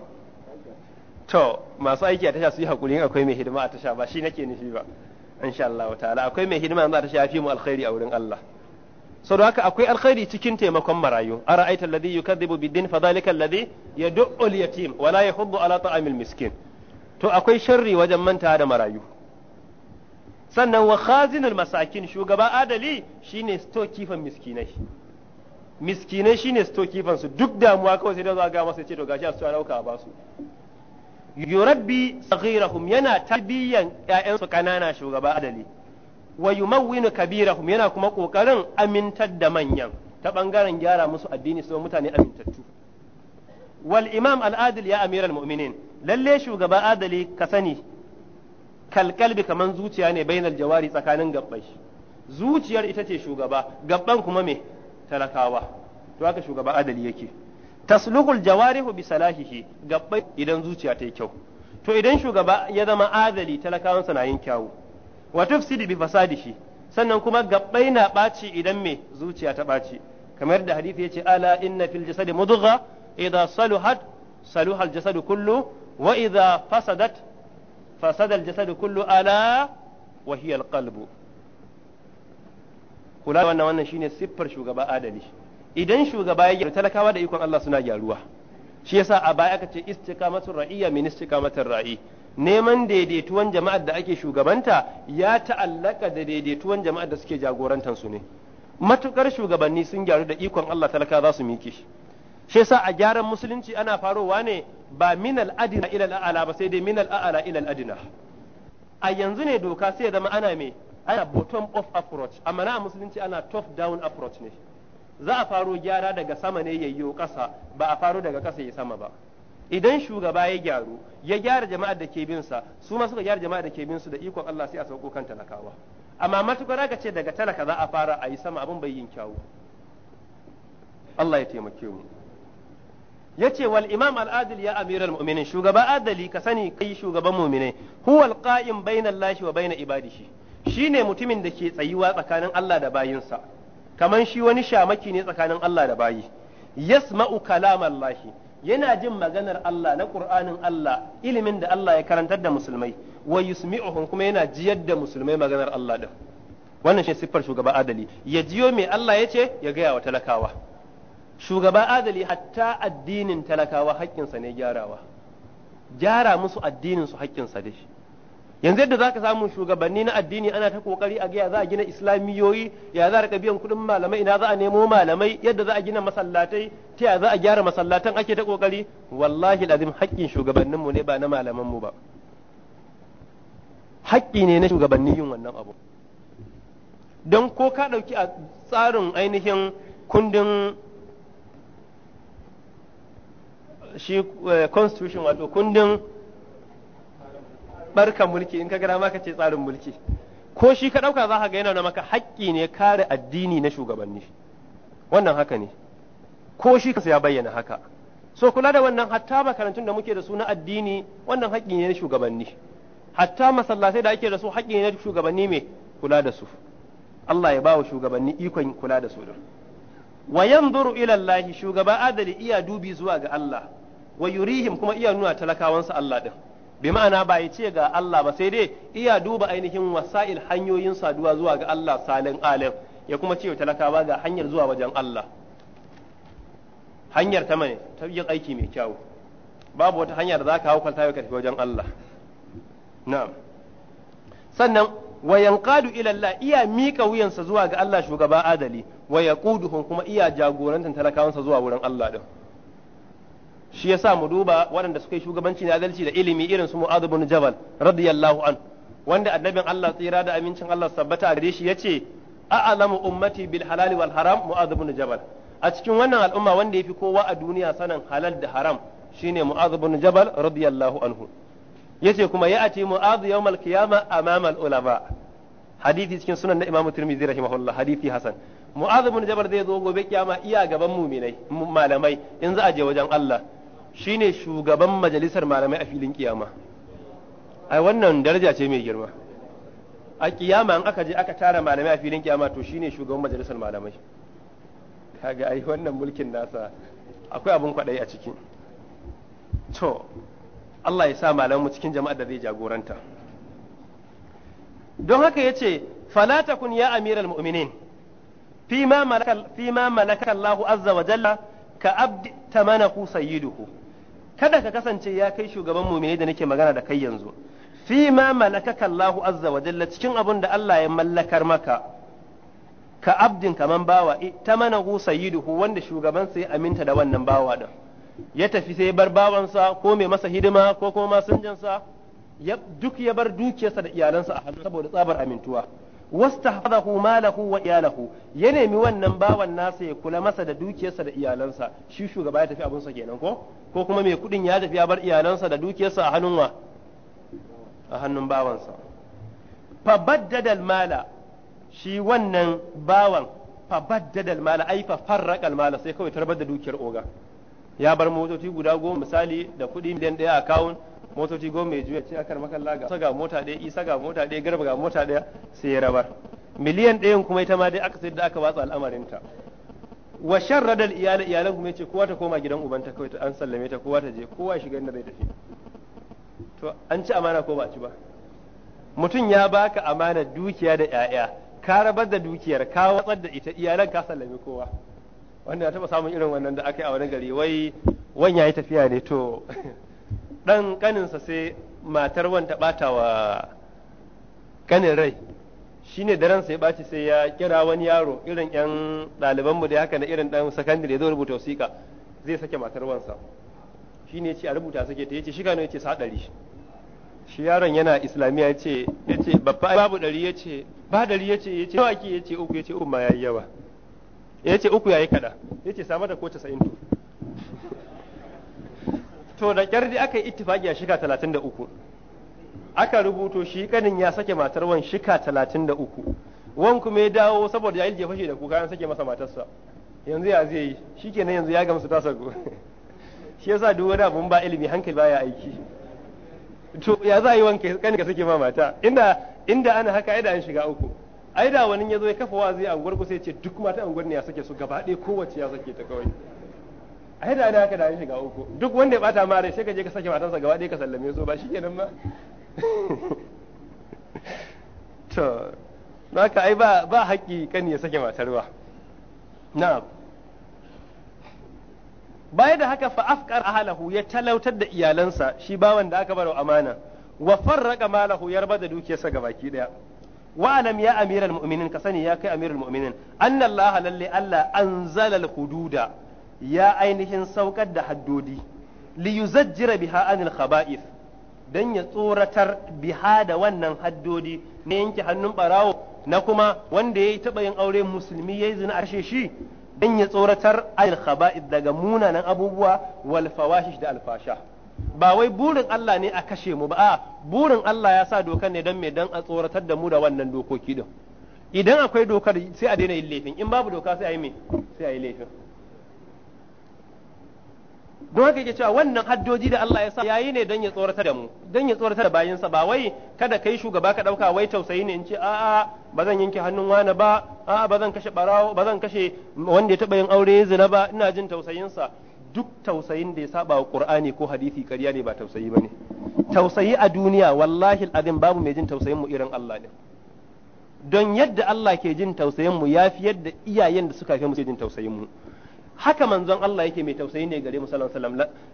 to masu aiki a tasha su yi hakuri in akwai mai hidima a tasha ba shi nake nufi ba insha Allah ta'ala akwai mai hidima za ta shafi mu alkhairi a wurin Allah sau haka akwai alkhairi cikin taimakon marayu a ra'aita alladhi yukadhibu bid-din fa dhalika alladhi yad'u al-yatim wa la yahuddu ala ta'amil miskin to akwai sharri wajen manta da marayu sannan wa khazinul masakin shugaba adali shine sto kifan miskinai miskinai shine sto kifan su duk damuwa kawai sai da zo ga masa ce to gashi a su dauka a basu yurabbi saghirahum yana tarbiyan ƴaƴansu kanana shugaba adali wa yumawwinu kabirahum yana kuma ƙoƙarin amintar da manyan ta bangaren gyara musu addini sai mutane amintattu wal imam al adil ya amiral mu'minin lalle shugaba adali ka sani kalkalbi kaman zuciya ne bainal jawari tsakanin gabbai zuciyar ita ce shugaba gabban kuma me talakawa to haka shugaba adali yake tasluhul jawarihu bi salahihi gabbai idan zuciya ta yi kyau to idan shugaba ya zama adali talakawansa na yin kyawu wa tufsidu bi fasadihi sannan kuma gabbai na ɓaci idan me zuciya ta ɓaci kamar da hadisi yace ala inna fil jasadi mudgha idza saluhat saluha al jasadu kullu wa idza fasadat fasada al jasadu kullu ala wa hiya al qalbu kula wannan wannan shine siffar shugaba adali idan shugaba ya gyaru talakawa da ikon Allah suna gyaruwa shi yasa a baya aka ce istiqamatu ra'iyya min istiqamatir ra'i neman daidaituwan jama'ar da ake shugabanta ya ta'allaka da daidaituwan jama'ar da suke jagorantar su ne matukar shugabanni sun gyaru da ikon Allah talaka za su miƙe shi yasa a gyaran musulunci ana farowa ne ba minal adina ilal ba sai dai minal a'ala ilal adina a yanzu ne doka sai ya zama ana me ana bottom of approach amma na musulunci ana top down approach ne za a faro gyara daga sama ne yayyo ƙasa ba a faro daga ƙasa ya sama ba idan shugaba ya gyaru ya gyara jama'ar da ke bin sa su ma suka gyara jama'ar da ke bin su da ikon Allah sai a sauko kan talakawa amma matukar aka ce daga talaka za a fara a yi sama abin bai yin kyawu Allah ya taimake mu yace wal imam al adil ya amiral mu'minin shugaba adali ka sani kai shugaban mu'minai huwal qa'im bainal lahi wa bainal ibadihi shine mutumin da ke tsayuwa tsakanin Allah da bayinsa kaman shi wani shamaki ne tsakanin Allah da bayi yasma'u kalamallahi yana jin maganar Allah na Qur'anin Allah ilimin da Allah ya karantar da musulmai wa yusmi'uhum kuma yana jiyar da musulmai maganar Allah din wannan shi siffar shugaba adali ya jiyo mai Allah ya ce ya gaya wa talakawa shugaba adali hatta addinin talakawa haƙƙinsa ne gyarawa gyara musu addinin su haƙƙinsa da yanzu yadda za ka samu shugabanni na addini ana ta kokari a ga ya za a gina islamiyoyi ya za a biyan kuɗin malamai ina za a nemo malamai yadda za a gina masallatai ta ya za a gyara masallatan ake ta kokari wallahi lazim haƙƙin shugabannin mu ne ba na malaman mu ba haƙƙi ne na shugabanni yin wannan abu don ko ka ɗauki a tsarin ainihin kundin shi eh, constitution wato kundin barkan mulki in ka gara maka ce tsarin mulki ko shi ka ɗauka za ka ga yana na maka haƙƙi ne kare addini na shugabanni wannan haka ne ko shi ka ya bayyana haka so kula da wannan hatta makarantun da muke da su na addini wannan haƙƙi ne na shugabanni hatta masallatai da ake da su haƙƙi ne na shugabanni mai kula da su Allah ya bawa shugabanni ikon kula da su din wa yanzuru ila Allah shugaba adali iya dubi zuwa ga Allah wa yurihim kuma iya nuna talakawansa Allah din bi ma'ana ba ya ce ga Allah ba sai dai iya duba ainihin wasa'il hanyoyin saduwa zuwa ga Allah salin alim ya kuma ce talakawa ga hanyar zuwa wajen Allah hanyar ta mai ta yin aiki mai kyau babu wata hanyar da zaka hau kwalta ka tafi wajen Allah na'am sannan wayan qadu ila Allah iya mika wuyansa zuwa ga Allah shugaba adali wa yaquduhum kuma iya jagorantan talakawansa zuwa wurin Allah din shi yasa mu duba waɗanda suka yi shugabanci na adalci da ilimi irin su Mu'adh ibn Jabal radiyallahu an wanda annabin Allah tsira da amincin Allah sabbata a gare shi yace a'lamu ummati bil halal wal haram Mu'adh ibn Jabal a cikin wannan al'umma wanda yafi kowa a duniya sanan halal da haram shine Mu'adh ibn Jabal radiyallahu anhu yace kuma ya'ati Mu'adh yawmal qiyama amama al ulama hadisi cikin sunan na Imam Tirmidhi rahimahullah hadisi hasan Mu'adh ibn Jabal zai zo gobe kiyama iya gaban muminai malamai in za a je wajen Allah Shi ne shugaban majalisar malamai a filin kiyama ai wannan daraja ce mai girma a kiyama an aka je aka tara malamai a filin kiyama to shi ne shugaban majalisar malamai kaga ai wannan mulkin nasa akwai abun kwadai a ciki to Allah ya sa mu cikin jama'ar da zai jagoranta don haka yace fala takun ya amiral mu'minin fi ma malaka Allahu azza wa jalla ka abdi tamanahu sayyiduhu kada ka kasance ya kai shugaban mu'mini da nake magana da kai yanzu fi ma malakaka Allahu azza wa jalla cikin abin da Allah ya mallakar maka ka abdin kaman bawa ta mana hu sayyiduhu wanda shugaban sai aminta da wannan bawa din ya tafi sai bar bawansa ko mai masa hidima ko kuma masinjansa duk ya bar dukiyarsa da iyalansa a hannu saboda tsabar amintuwa wastahadahu malahu wa iyalahu ya nemi wannan bawan nasa ya kula masa da dukiyarsa da iyalansa shi shugaba ya tafi abunsa kenan ko ko kuma mai kuɗin ya tafi ya bar iyalansa da dukiyarsa a hannun wa a hannun bawansa Fa fabaddada mala shi wannan bawan fabaddada mala ai fa farraqa mala sai kawai tarbar da dukiyar oga ya bar motoci guda goma misali da kuɗi miliyan ɗaya a kawun motoci goma mai juya ce a kar makalla ga ga mota ɗaya isa ga mota ɗaya garba ga mota ɗaya sai ya rabar miliyan ɗayan kuma ita ma dai aka sayar da aka watsa al'amarinta wa sharrada al-iyal iyalan kuma yace kowa ta koma gidan ubanta kawai ta an sallame ta kowa ta je kowa ya shiga inda zai tafi to an ci amana ko ba ci ba mutum ya baka amana dukiya da 'ya'ya ka rabar da dukiyar ka watsar da ita iyalan ka sallame kowa wanda ya taba samun irin wannan da aka yi a wani gari wai wan yayi tafiya ne to dan kaninsa sai matar wanta bata wa kanin rai shine daren sai ya baci sai ya kira wani yaro irin yan ɗaliban mu da haka na irin dan sakandare zai rubuta wasiƙa zai sake matar wansa shine ce a rubuta sake ta yace shiga ne yace sa ɗari shi yaron yana islamiya yace yace babba babu ɗari yace ba ɗari yace yace nawa ya yace uku yace ma yayi yawa yace uku yayi kada yace samar da ko 90 to to da kyar dai aka yi ittifaki a shiga uku. aka rubuto shi kanin ya sake matar wan shika talatin da uku wan kuma ya dawo saboda jahil ya fashe da kuka an sake masa matarsa yanzu ya zai yi kenan yanzu ya gamsu tasa go shi yasa duk wani abun ba ilimi hankali baya aiki to ya za a yi wanka kanin ka sake ma mata inda inda ana haka ai da an shiga uku ai da wani ya zo ya kafa zai a ku sai ce duk mata an ne ya sake su gaba ɗaya kowace ya sake ta kawai ai da ana haka da an shiga uku duk wanda ya bata ma rai sai ka je ka sake matarsa gaba ɗaya ka sallame su ba shikenan ma to haka ai ba ba haƙƙi kan ya sake matar ba na'am baya da haka fa afkar ahlahu ya talautar da iyalansa shi bawan da aka baro amana wa farraqa malahu ya da dukiyarsa gabaki daya wa alam ya amiral mu'minin ka sani ya kai amiral mu'minin annallaha lalle Allah anzalal hududa ya ainihin saukar da haddodi li yuzajjira biha anil khaba'ith Dan ya tsoratar biha da wannan haddodi na yanke hannun barawo na kuma wanda ya yi taɓa yin aure musulmi ya yi zina a shi don ya tsoratar ayil daga munanan abubuwa wal fawashish da alfasha ba wai burin Allah ne a kashe mu ba a burin Allah ya sa dokar ne don me dan a tsoratar da mu da wannan dokoki din idan akwai dokar sai a daina yin laifin in babu doka sai a yi me sai a yi laifin don haka yake cewa wannan haddoji da Allah ya sa yayi ne don ya tsoratar da mu don ya tsoratar da bayinsa ba wai kada kai shugaba ka dauka wai tausayi ne in ce a'a ba zan yanke hannun wani ba a'a ba zan kashe barawo ba zan kashe wanda ya taba yin aure zina ba ina jin tausayin sa duk tausayin da ya saba wa Qur'ani ko hadisi ƙarya ne ba tausayi bane tausayi a duniya wallahi alazim babu mai jin tausayin mu irin Allah ne don yadda Allah ke jin tausayin mu fi yadda iyayen da suka fi mu jin tausayin mu haka manzon Allah yake mai tausayi ne gare mu sallallahu alaihi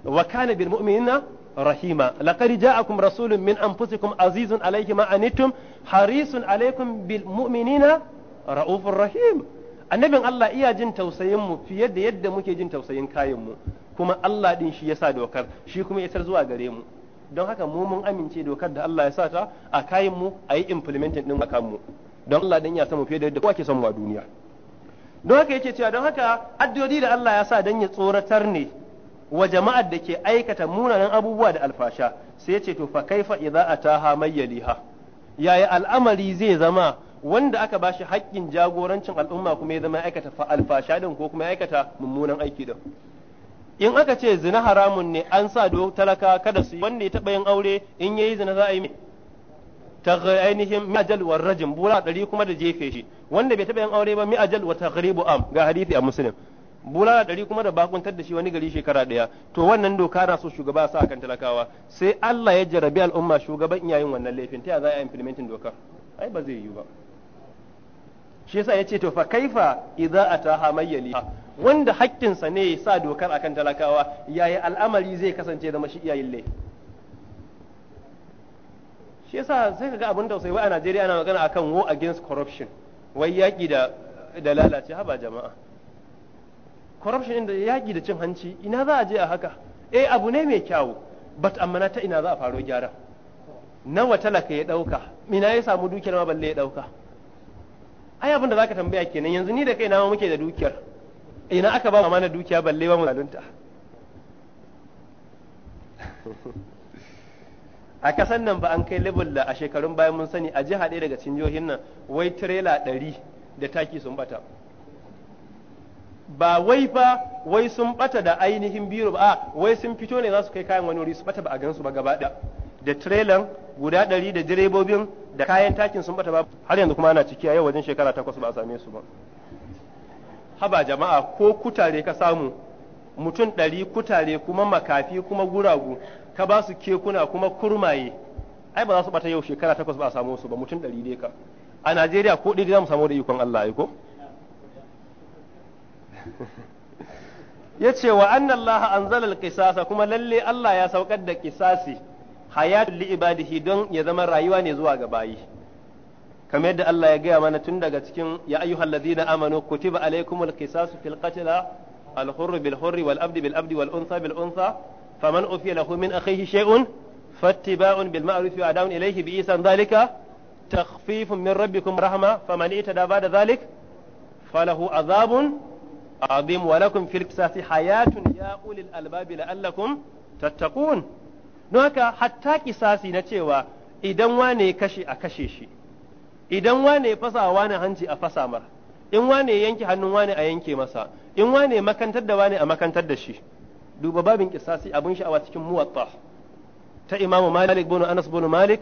wasallam wa kana bil mu'minina rahima laqad ja'akum rasulun min anfusikum azizun alayhi ma anittum harisun alaykum bil mu'minina raufur rahim annabin Allah iya jin tausayin mu fiye da yadda muke jin tausayin kayan mu kuma Allah din shi yasa dokar shi kuma isar zuwa gare mu don haka mu mun amince dokar da Allah ya sa ta a kayan mu a yi implementing din akan mu don Allah din ya mu fiye da yadda kowa ke son mu a duniya don haka yake cewa don haka addu'o'i da Allah ya sa dan ya tsoratar ne wa jama'ar da ke aikata munanan abubuwa da alfasha sai yace to fa kaifa idza ataha mayyaliha yaya al'amari zai zama wanda aka bashi haƙƙin jagorancin al'umma kuma ya zama aikata fa alfasha din ko kuma aikata mummunan aiki din in aka ce zina haramun ne an sa do talaka kada su wanda ya taɓa yin aure in yayi zina za a yi ta ainihin mi'ajal wa rajim bula ɗari kuma da jefe shi wanda bai taɓa yin aure ba mi'ajal wa taghribu am ga hadisi a muslim bula ɗari kuma da bakuntar da shi wani gari shekara ɗaya to wannan doka na so shugaba sa akan talakawa sai Allah ya jarabi al'umma shugaban iyayen wannan laifin ta za a implementing doka ai ba zai yiwu ba shi yasa yace to fa kaifa idza ataha mayyali wanda haƙƙinsa ne ya sa dokar akan talakawa yayi al'amari zai kasance da shi iyayen laifin shi yasa sai kaga abin tausayi wai a Najeriya ana magana akan war against corruption wai yaki da da lalace haba jama'a corruption din da yaki da cin hanci ina za a je a haka eh abu ne mai kyawu but amma na ta ina za a faro gyara nawa talaka ya dauka ina ya samu dukiyar ma balle ya dauka ai abin da zaka tambaya kenan yanzu ni da kaina ma muke da dukiyar ina aka ba mu mana dukiya balle ba mu zalunta a kasan nan ba an kai level da a shekarun bayan mun sani a jiha ɗaya daga cikin jihohin nan wai trailer ɗari da taki sun bata ba wai fa wai sun bata da ainihin biro ba a wai sun fito ne za su kai kayan wani wuri su bata ba a su ba gaba da da tirelan guda ɗari da direbobin da kayan takin sun bata ba har yanzu kuma ana ciki a yau wajen shekara takwas ba a same su ba haba jama'a ko kutare ka samu mutum ɗari kutare kuma makafi kuma guragu ka ba su kekuna kuma kurmaye ai ba za su bata yau shekara takwas ba a samu su ba mutum ɗari dai ka a Najeriya ko ɗaya za mu samu da ikon Allah ko ko ce wa anna Allah an kisasa kuma lalle Allah ya saukar da kisasi hayatul li ibadihi don ya zama rayuwa ne zuwa ga bayi kamar yadda Allah ya gaya mana tun daga cikin ya ayyuhal ladina amanu kutiba alaykumul qisasu fil qatla al-hurr bil hurr wal abdi bil abdi wal untha bil untha faman ufiya lahu min akhihi shay'un fattiba'un bil ma'ruf wa ada'un ilayhi bi isan zalika takhfifun min rabbikum rahma faman itada ba'da zalik falahu azabun azim wa lakum fil hayatun ya ulil albabi la'allakum tattaqun don haka hatta kisasi na cewa idan wane kashe a kashe shi idan wane fasa hanci a fasa mar in wane yanke hannun wane a yanke masa in wane makantar da wane a makantar da shi duba babin kisasi abin sha'awa cikin muwatta ta imamu malik bin anas bin malik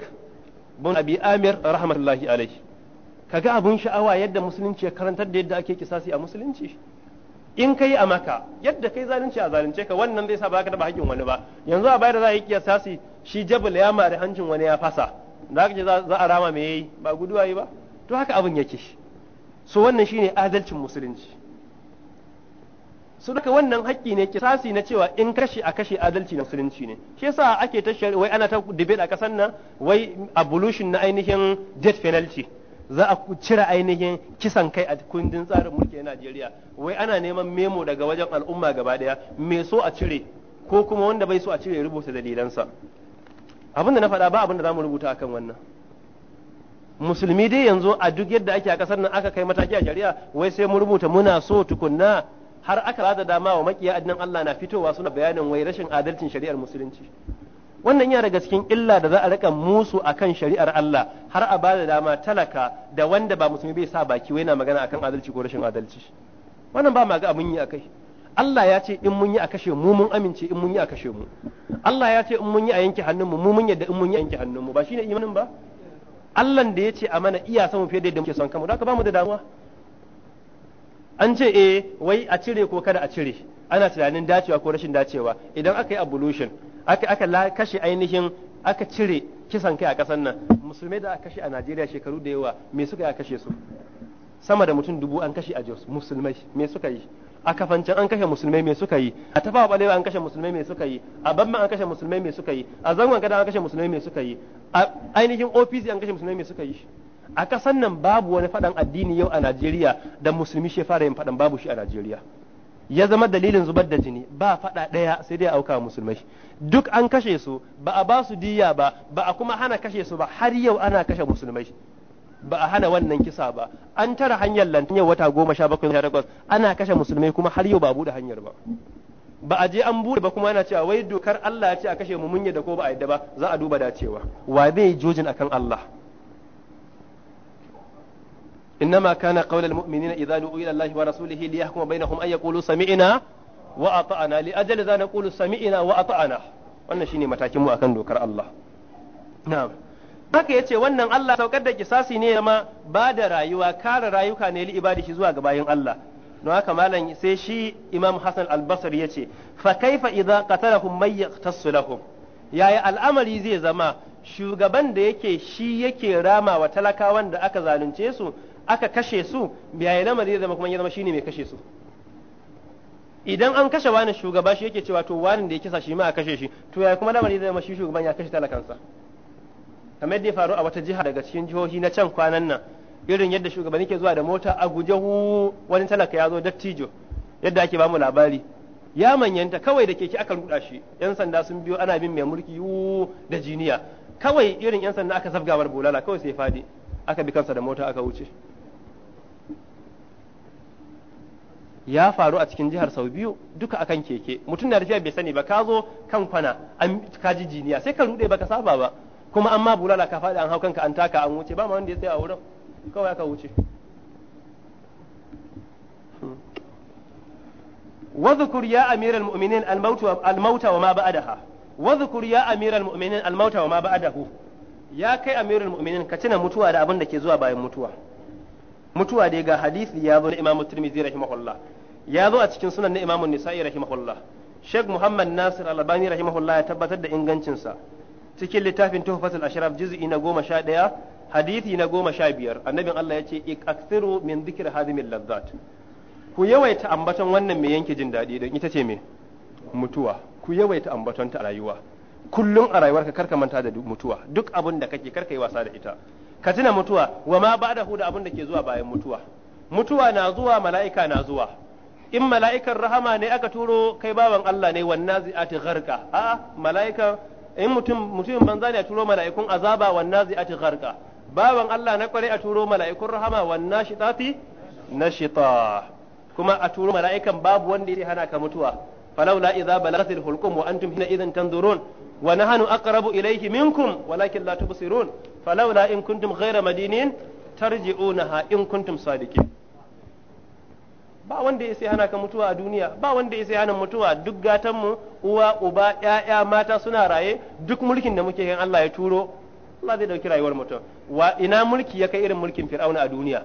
bin abi amir rahmatullahi alaihi kaga abin sha'awa yadda musulunci ya karantar da yadda ake kisasi a musulunci in kai a maka yadda kai zalunci a zalunce ka wannan zai sa ba ka taba hakkin wani ba yanzu a bayar da za a yi kisasi shi jabal ya mari hancin wani ya fasa za ka ce za a rama me yayi ba guduwa yi ba to haka abin yake so wannan shine adalcin musulunci su duka wannan haƙƙi ne kisasi na cewa in kashe a kashe adalci na musulunci ne shi yasa ake ta wai ana ta debate a ƙasar nan wai abolition na ainihin death penalty za a cire ainihin kisan kai a kundin tsarin mulki na Najeriya wai ana neman memo daga wajen al'umma gaba daya me so a cire ko kuma wanda bai so a cire rubuta dalilansa abin da na faɗa ba abin da zamu rubuta akan wannan musulmi dai yanzu a duk yadda ake a ƙasar nan aka kai mataki a shari'a wai sai mu rubuta muna so tukunna har aka rada dama wa makiya addinin Allah na fitowa suna bayanin wai rashin adalcin shari'ar musulunci wannan yana daga cikin illa da za a rika musu akan shari'ar Allah har a bada dama talaka da wanda ba musulmi bai sa baki wai na magana akan adalci ko rashin adalci wannan ba ma ga mun yi akai Allah ya ce in mun yi a kashe mu mun amince in mun yi a kashe mu Allah ya ce in mun yi a yanke hannun mu mu mun yadda in mun yi a yanke hannun mu ba shine imanin ba Allah da ya ce a mana iya samu fiye da yadda muke son kanmu da ka ba mu da damuwa an ce eh wai a cire ko kada a cire ana tunanin dacewa ko rashin dacewa idan aka yi abolution aka aka kashe ainihin aka cire kisan kai a ƙasar nan musulmai da aka kashe a Najeriya shekaru da yawa me suka yi a kashe su sama da mutum dubu an kashe a Jos musulmai me suka yi a kafancin an kashe musulmai me suka yi a tafawa balewa an kashe musulmai me suka yi a bamma an kashe musulmai me suka yi a zangon gada an kashe musulmai me suka yi a ainihin ofisi an kashe musulmai me suka yi a ƙasan nan babu wani faɗan addini yau a Najeriya da musulmi shi fara yin faɗan babu shi a Najeriya ya zama dalilin zubar da jini ba faɗa ɗaya sai dai auka musulmai duk an kashe su ba a ba su ba ba a kuma hana kashe su ba har yau ana kashe musulmai ba a hana wannan kisa ba an tara hanyar yau wata goma sha bakwai sha takwas ana kashe musulmai kuma har yau ba a buɗe hanyar ba ba a je an bude ba kuma yana cewa wai dokar Allah ya ce a kashe mu mun yadda ko ba a yadda ba za a duba dacewa wa zai jojin akan Allah إنما كان قول المؤمنين إذا دعوا إلى الله ورسوله ليحكم بينهم أن يقولوا سمعنا وأطعنا لأجل ذا نقول سمعنا وأطعنا wannan shine matakin mu akan dokar Allah na'am haka yace wannan Allah saukar da kisasi ne ma ba da rayuwa kare rayuka ne li ibadishi zuwa ga bayin Allah don haka malam sai shi Imam Hassan al-Basri yace fa kaifa idza qatalahum may yaqtasu lahum yaya al'amari zai zama shugaban da yake shi yake rama wa talakawan da aka zalunce su aka kashe su yaya lamari zama kuma ya zama shine mai kashe su idan an kashe wani shugaba shi yake cewa to wani da ya kisa shi ma a kashe shi to ya kuma lamari zai zama shi shugaban ya kashe talakansa kamar yadda ya faru a wata jiha daga cikin jihohi na can kwanan nan irin yadda shugabanni ke zuwa da mota a guje hu wani talaka ya zo dattijo yadda ake bamu labari ya manyanta kawai da keke aka ruda shi yan sanda sun biyo ana bin mai mulki yu da jiniya kawai irin yan sanda aka zabgawar bulala kawai sai fadi aka bi kansa da mota aka wuce ya faru a cikin jihar sau biyu duka akan keke mutum na tafiya bai sani ba ka zo kan kwana an ka ji jiniya sai ka rude baka saba ba kuma an ma bulala ka faɗi an hau kanka an taka an wuce ba ma wanda ya tsaya a wurin kawai aka wuce Wazukur يا أمير المؤمنين الموت الموت وما بعدها واذكر يا أمير المؤمنين الموت وما بعده يا كي أمير المؤمنين كتنا متوا دا أبن دكي زوا باين متوا متوا دي ga hadisi ya zo na Imam Tirmidhi rahimahullah ya zo a cikin sunan na imamun nisa'i rahimahullah sheikh muhammad nasir albani rahimahullah ya tabbatar da ingancinsa cikin littafin tuhfatul ashraf juz'i na goma sha ɗaya hadisi na goma sha biyar annabin allah ya ce aksiru min zikir hadimin lazzat ku yawaita ambaton wannan mai yanke jin daɗi don ita ce me mutuwa ku yawaita ambaton ta a rayuwa kullum a rayuwarka karka manta da mutuwa duk abin da kake karka yi wasa da ita ka tuna mutuwa wa ma ba da abin da ke zuwa bayan mutuwa mutuwa na zuwa mala'ika na zuwa in mala'ikan rahama ne aka turo kai bawan Allah ne wan nazi'ati gharqa A'a mala'ika in mutum mutumin banza ne a turo mala'ikun azaba wan nazi'ati gharqa bawan Allah na kware a turo mala'ikun rahama wan nashitati nashita kuma a turo mala'ikan babu wanda ya hana ka mutuwa falaula idza balagatil hulqum wa antum hina idan tanzurun wa nahnu aqrabu ilayhi minkum walakin la tubsirun falaula in kuntum ghayra madinin tarji'unaha in kuntum sadiqin ba wanda ya sai hana ka mutuwa a duniya ba wanda ya sai hana mutuwa duk gatan mu uwa uba 'ya'ya mata suna raye duk mulkin da muke kan Allah ya turo Allah zai dauki rayuwar mutum wa ina mulki ya kai irin mulkin Fir'auna a duniya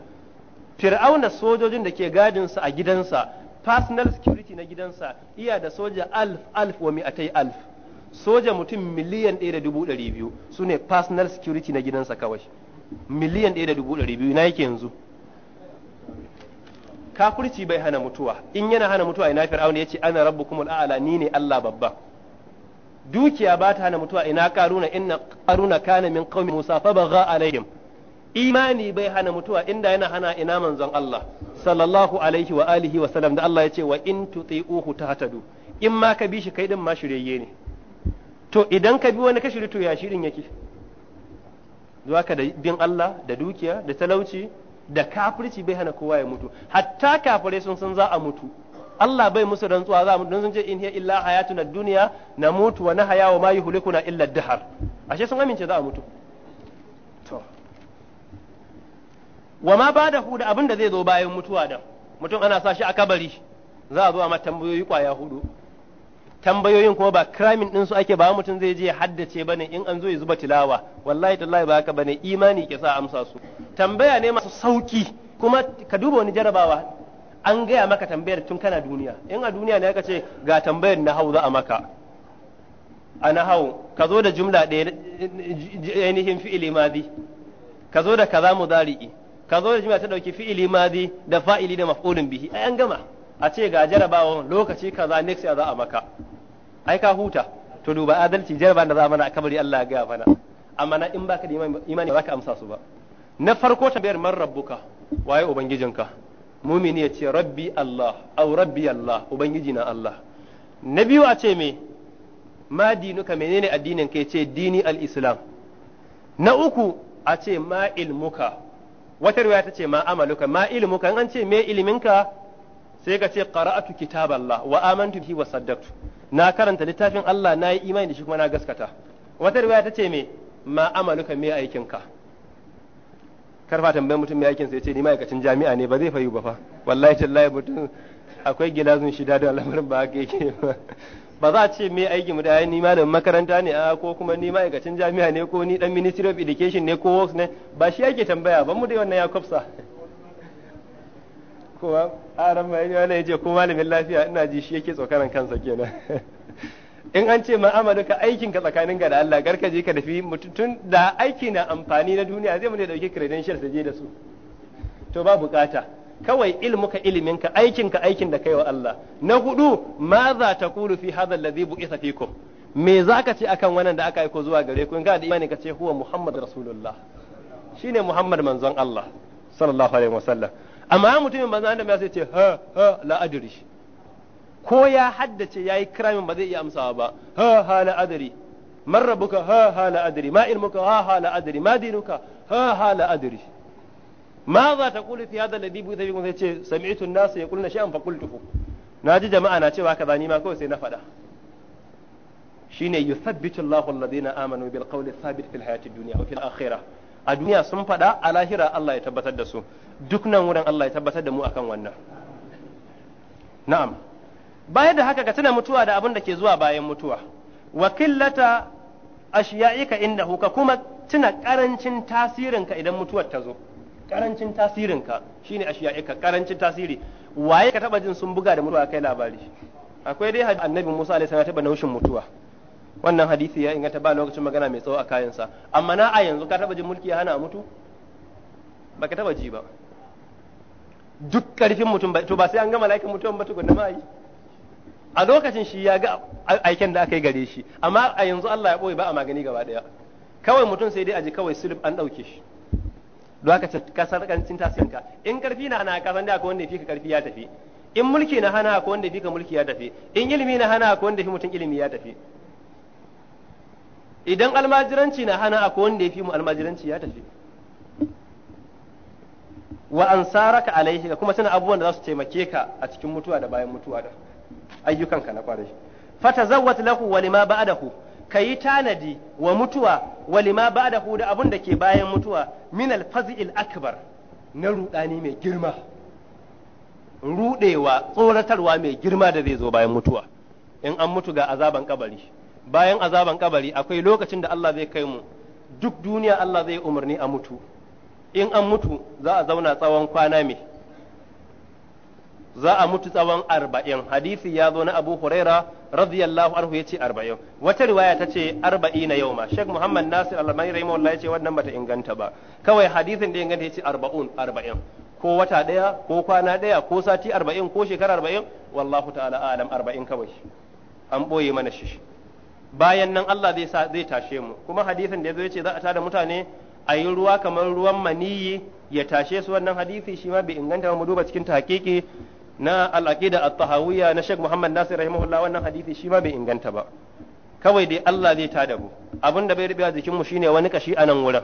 Fir'auna sojojin da ke gadin sa a gidansa personal security na gidansa iya da soja alf alf wa mi'atai alf soja mutum miliyan ɗaya da dubu ɗari biyu su ne personal security na gidansa kawai miliyan ɗaya da dubu ɗari biyu na yake yanzu kafirci bai hana mutuwa in yana hana mutuwa ina fir'auna yace ana rabbukumul a'la ni ne Allah babba dukiya ba ta hana mutuwa ina karuna inna karuna kana min qaumi musa fa bagha alaihim imani bai hana mutuwa inda yana hana ina manzon Allah sallallahu alaihi wa alihi wa sallam da Allah yace wa in tuti'uhu tahtadu in ma ka bi shi kai din ma shirye ne to idan ka bi wani ka shiri to ya shirin yake zuwa ka da bin Allah da dukiya da talauci da kafirci bai hana kowa ya mutu hatta kafirai sun san za a mutu Allah bai musu rantsuwa za a mutu don sun ce in hiya illa hayatuna dunya na mutu wa nahaya wa ma yuhlikuna illa dahar ashe sun amince za a mutu to wa ma bada hu da abin da zai zo bayan mutuwa da mutum ana sa shi a kabari za a zo a tambayoyi kwaya hudu tambayoyin kuma ba kramin din su ake ba mutum zai je haddace ba ne in an zo ya zuba tilawa wallahi tallahi ba haka ne imani ke sa amsa su tambaya ne masu sauki kuma ka duba wani jarabawa an gaya maka tambayar tun kana duniya in a duniya ne aka ce ga tambayar na hau za a maka a na hau ka zo da jumla ɗaya ainihin fi'ili madi ka zo da kaza mudari'i ka zo da jumla ta dauki fi'ili madi da fa'ili da maf'ulun bihi ai an gama a ce ga jarabawa lokaci kaza next ya za a maka ai ka huta to duba adalci jarba da za mana a kabari Allah ya gaya mana amma na in baka da imani ba za ka amsa su ba na farko tambayar man rabbuka waye ubangijinka mumini ya ce rabbi Allah au rabbi Allah ubangiji na Allah na biyu a ce me ma dinuka menene addinin ka ce dini al-islam na uku a ce ma ilmuka wata riwaya ta ce ma amaluka ma ilmuka an ce me iliminka sai ka ce qara'atu kitaballah wa amantu bihi wa saddaqtu na karanta littafin Allah na yi imani da shi kuma na gaskata wata riwaya ta ce me ma amaluka me ka karfa tambayar mutum me aikin sai ce ni ma'aikacin jami'a ne ba zai fayu ba fa wallahi tallahi mutum akwai gilazun shida da al'amarin ba haka yake ba ba za a ce me aiki mu da ni malamin makaranta ne a ko kuma ni ma'aikacin jami'a ne ko ni dan ministry of education ne ko works ne ba shi yake tambaya ba mu dai wannan ya kwafsa kowa aran mai wala ce ko malamin lafiya ina ji shi yake tsokanan kansa kenan in an ce amadu ka aikin ka tsakanin ga da Allah garka je ka tafi tun da aiki na amfani na duniya zai mu ne dauki credentials da je da su to ba bukata kawai ilmuka iliminka aikinka aikin da kai wa Allah na hudu ma za ta kulu fi hadha alladhi bu'itha fikum me zaka ce akan wannan da aka aiko zuwa gare ku in ka da imani ka ce huwa muhammad rasulullah shine muhammad manzon Allah sallallahu alaihi wasallam amma mutumin banza da ya sai ce ha ha la adri ko ya haddace ya yi kiramin ba zai iya amsawa ba ha ha la adri man ha ha la adri ma ilmuka ha ha la adri ma dinuka ha ha la adri ma za ta kulu fi hadha alladhi buita bikum sai ce sami'tu an-nas yaquluna shay'an fa qultuhu ji jama'a na cewa kaza ni ma kawai sai na faɗa shine yuthabbitu Allahu alladhina amanu bil qawli thabit fil hayati dunya wa fil akhirah a duniya sun faɗa a lahira Allah ya tabbatar da su duk nan wurin Allah ya tabbatar da mu akan wannan na'am baya da haka ka tuna mutuwa da abin da ke zuwa bayan mutuwa wa killata ashiya'ika indahu ka kuma tuna karancin tasirinka idan mutuwar ta zo karancin tasirinka shine ashiya'ika karancin tasiri waye ka taba jin sun buga da mutuwa kai labari akwai dai annabi Musa alaihi salam ya taba naushin mutuwa wannan hadisi ya inganta ba lokacin magana mai tsawo a kayansa amma na a yanzu ka taba jin mulki ya hana a mutu baka taba ji ba duk karfin mutum ba to ba sai an ga mala'ikan mutum ba tukunna ma yi a lokacin shi ya ga aiken da aka yi gare shi amma a yanzu Allah ya boye ba a magani gaba daya kawai mutum sai dai a ji kawai sulub an dauke shi lokacin kasar kancin tasirinka in karfi na hana ka san da ko wanda ya fika karfi ya tafi in mulki na hana ko wanda ya fika mulki ya tafi in ilimi na hana ko wanda ya fi mutum ilimi ya tafi idan almajiranci na hana akwai wanda ya fi mu almajiranci ya tafi wa ansaraka alaihi kuma suna abubuwan da za su taimake ka a cikin mutuwa da bayan mutuwa da ayyukanka na kwarai fatazawwat lahu wa lima ba'dahu kayi tanadi wa mutuwa wa lima ba'dahu da abun da ke bayan mutuwa min al-faz'il akbar na rudani mai girma rudewa tsoratarwa mai girma da zai zo bayan mutuwa in an mutu ga azaban kabari bayan azaban kabari akwai lokacin da Allah zai kai mu duk duniya Allah zai umarni a mutu in an mutu za a zauna tsawon kwana me za a mutu tsawon arba'in hadisi ya zo na abu huraira radiyallahu anhu ya ce arba'in wata riwaya ta ce arba'i na yau ma shek muhammad nasir alamai rahimahullah ya ce wannan bata inganta ba kawai hadisin da inganta ya ce arba'un arba'in ko wata ɗaya ko kwana ɗaya ko sati arba'in ko shekara arba'in wallahu ta'ala alam arba'in kawai an ɓoye mana shi bayan nan Allah zai tashe mu kuma hadisin da yazo yace za a tada mutane a yi ruwa kamar ruwan maniyi ya tashe su wannan hadisi shi ma bai inganta mu duba cikin tahqiqi na al-aqida at-tahawiyya na Sheikh Muhammad Nasir rahimahullah wannan hadisi shi ma bai inganta ba kawai dai Allah zai tada mu abinda bai rubewa jikin mu shine wani kashi a nan wurin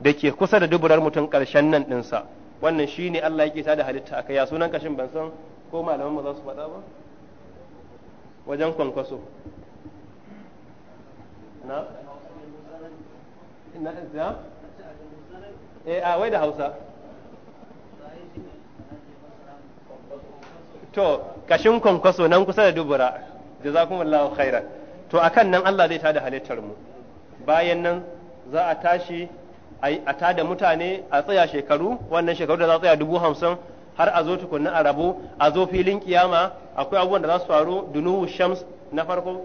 da ke kusa da duburar mutum karshen nan dinsa wannan shine Allah yake tada halitta akai ya sunan kashin ban san ko malaman mu za su faɗa ba wajen kwankwaso na na eh a ah, wai da Hausa to kashin kwankwaso nan kusa da dubura jazakumullahu khairan to akan nan Allah zai tada halittar mu bayan nan za a tashi a tada mutane a tsaya shekaru wannan shekaru da za a tsaya dubu hamsin har a zo tukunna a rabu a zo filin kiyama akwai abubuwan da za su faru dunuhu shams na farko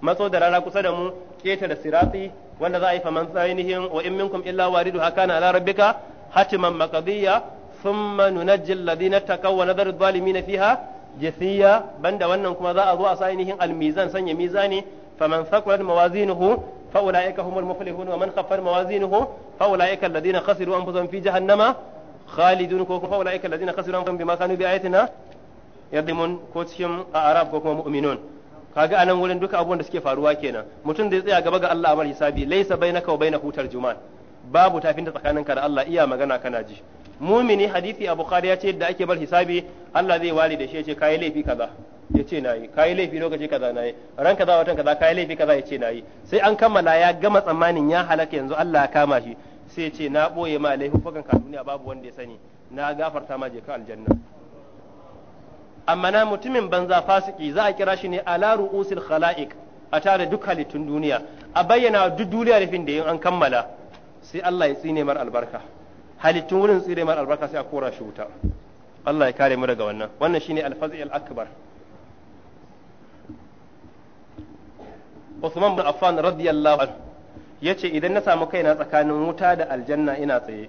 matso da rana kusa da mu ketare sirati wanda za a yi faman tsainihin wa in minkum illa waridu hakana ala rabbika hatiman maqdiya thumma nunajji alladhina taqaw wa nadharu dhalimin fiha jathiya banda wannan kuma za a zo a tsainihin almizan sanya mizani faman thaqulat mawazinuhu فأولئك هم المفلحون ومن خفت موازينه فأولئك الذين خسروا أنفسهم في جهنم خالدون فأولئك الذين خسروا أنفسهم بما كانوا بآياتنا يظلمون كوتشم أعراب وكم مؤمنون kaga anan wurin duka abubuwan da suke faruwa kenan mutum da ya tsaya gaba ga Allah amar hisabi laysa bainaka wa bainahu tarjuman babu tafinta tsakaninka da Allah iya magana kana ji mumini hadisi a qari ya ce da ake bar hisabi Allah zai wali da shi ya ce kai laifi kaza ya ce nayi kai laifi lokaci kaza nayi ran kaza watan kaza kai laifi kaza ya ce nayi sai an kammala ya gama tsammanin ya halaka yanzu Allah ya kama shi sai ya ce na boye ma laifukan ka duniya babu wanda ya sani na gafarta ma je ka aljanna amma na mutumin banza fasiki za a kira shi ne ala ru'usil khala'iq a tare duk halittun duniya a bayyana duk duniya rufin da yin an kammala sai Allah ya tsine mar albarka halittun wurin tsine mar albarka sai a kora shi wuta Allah ya kare mu daga wannan wannan shine al-fazi al-akbar Uthman bin Affan radiyallahu anhu yace idan na samu kaina tsakanin wuta da aljanna ina tsaye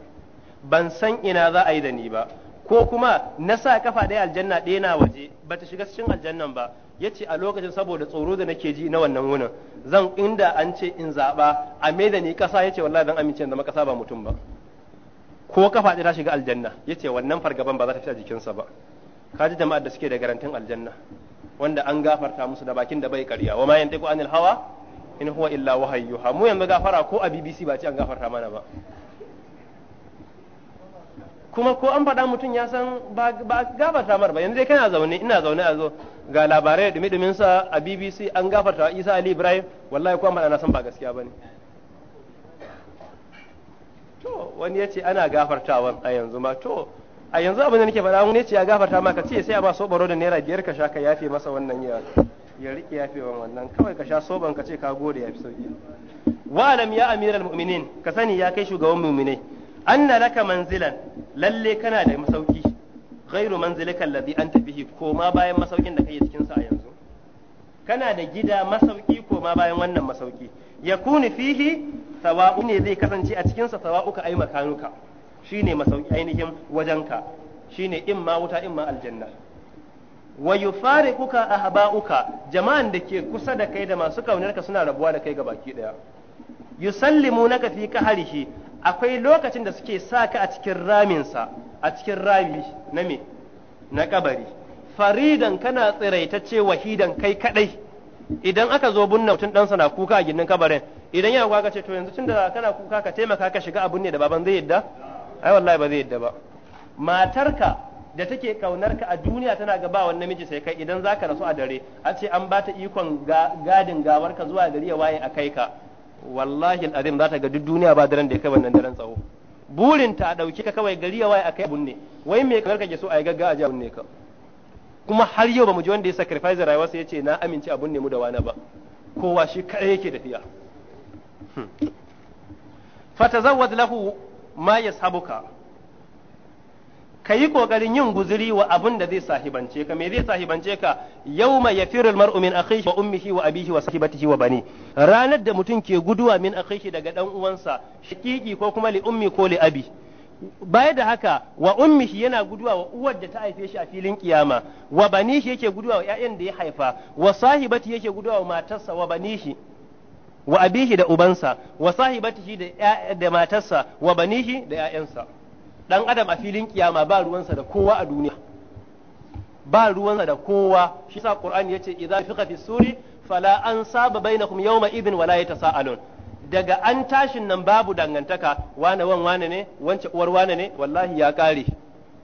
ban san ina za a yi da ni ba ko kuma na sa kafa ɗaya aljanna ɗaya na waje ba ta shiga cikin aljannan ba ya ce a lokacin saboda tsoro da nake ji na wannan wunin zan inda an ce in zaɓa a mai da ni ƙasa ce wallahi zan amince zama ƙasa ba mutum ba ko kafa ɗaya ta shiga aljanna ya ce wannan fargaban ba za ta fita jikinsa ba ka ji jama'ar da suke da garantin aljanna wanda an gafarta musu da bakin da bai karya wa ma ko anil hawa in huwa illa wahayyuha mu yanzu gafara ko a BBC ba ce an gafarta mana ba kuma ko an faɗa mutum ya san ba gafarta mar ba yanzu dai kana zaune ina zaune a zo ga labarai da dumi sa a BBC an gafarta Isa Ali Ibrahim wallahi ko an faɗa na san ba gaskiya bane to wani yace ana gafartawa a yanzu ma to a yanzu abin da nake faɗa wani yace ya gafarta ma ka ce sai a ba sobaro da naira biyar ka sha ka yafe masa wannan ya ya rike wa wannan kawai ka sha soban ka ce ka gode yafi sauki wa'alam ya amiral mu'minin ka sani ya kai shugaban mu'minai anna laka manzilan lalle kana da masauki ghairu manzilikal ladhi anta bihi koma bayan masaukin da kake cikin sa a yanzu kana da gida masauki koma bayan wannan masauki yakunu fihi sawa'u ne zai kasance a cikin sa sawa'uka ai makanuka shine masauki ainihin wajenka shine imma wuta imma aljanna wa yufariquka ahba'uka jama'an da ke kusa da kai da masu kaunarka suna rabuwa da kai gabaki daya yusallimunaka fi kaharihi akwai lokacin da suke sa ka a cikin raminsa a cikin rami na me na kabari faridan kana tsiraitacce wahidan kai kadai idan aka zo binne mutum ɗansa na kuka a gindin kabarin idan ya kuka ce to yanzu tunda kana kuka ka taimaka ka shiga abun ne da baban zai yadda ai wallahi ba zai yadda ba matarka da take kaunar ka a duniya tana gaba wani namiji sai kai idan zaka rasu a dare a ce an ba ta ikon gadin gawar ka zuwa gari ya waye a kai ka wallahi al'azim za ta ga duk duniya ba daren da ya kai wannan daren tsawo burin ta dauki ka kawai gari ya waye akai abun ne wai me kamar kake so a yi gaggawa a abun ne ka kuma har yau ba mu ji wanda ya sacrifice rayuwarsa yace na amince abun ne mu da wani ba kowa shi kare yake tafiya hmm. fatazawwad lahu ma yashabuka ka yi kokarin yin guzuri wa abin da zai sahibance ka me zai sahibance ka yawma yafiru almar'u min akhihi wa ummihi wa abihi wa sahibatihi wa bani ranar da mutum ke guduwa min akhihi daga dan uwansa shiqiqi ko kuma li ummi ko li abi baya da haka wa ummihi yana guduwa wa uwar da ta haife shi a filin kiyama wa banihi yake guduwa wa ƴaƴan da ya haifa wa sahibati yake guduwa wa matarsa wa banihi wa abihi da ubansa wa sahibatihi da matarsa wa banihi da ƴaƴansa dan adam a filin kiyama ba ruwansa da kowa a duniya ba ruwansa da kowa shi sa qur'ani yace idza fiqa fi suri fala ansaba bainakum yawma idhin wala yatasaalun daga an tashin nan babu dangantaka wane wan wane ne wance uwar wane ne wallahi ya kare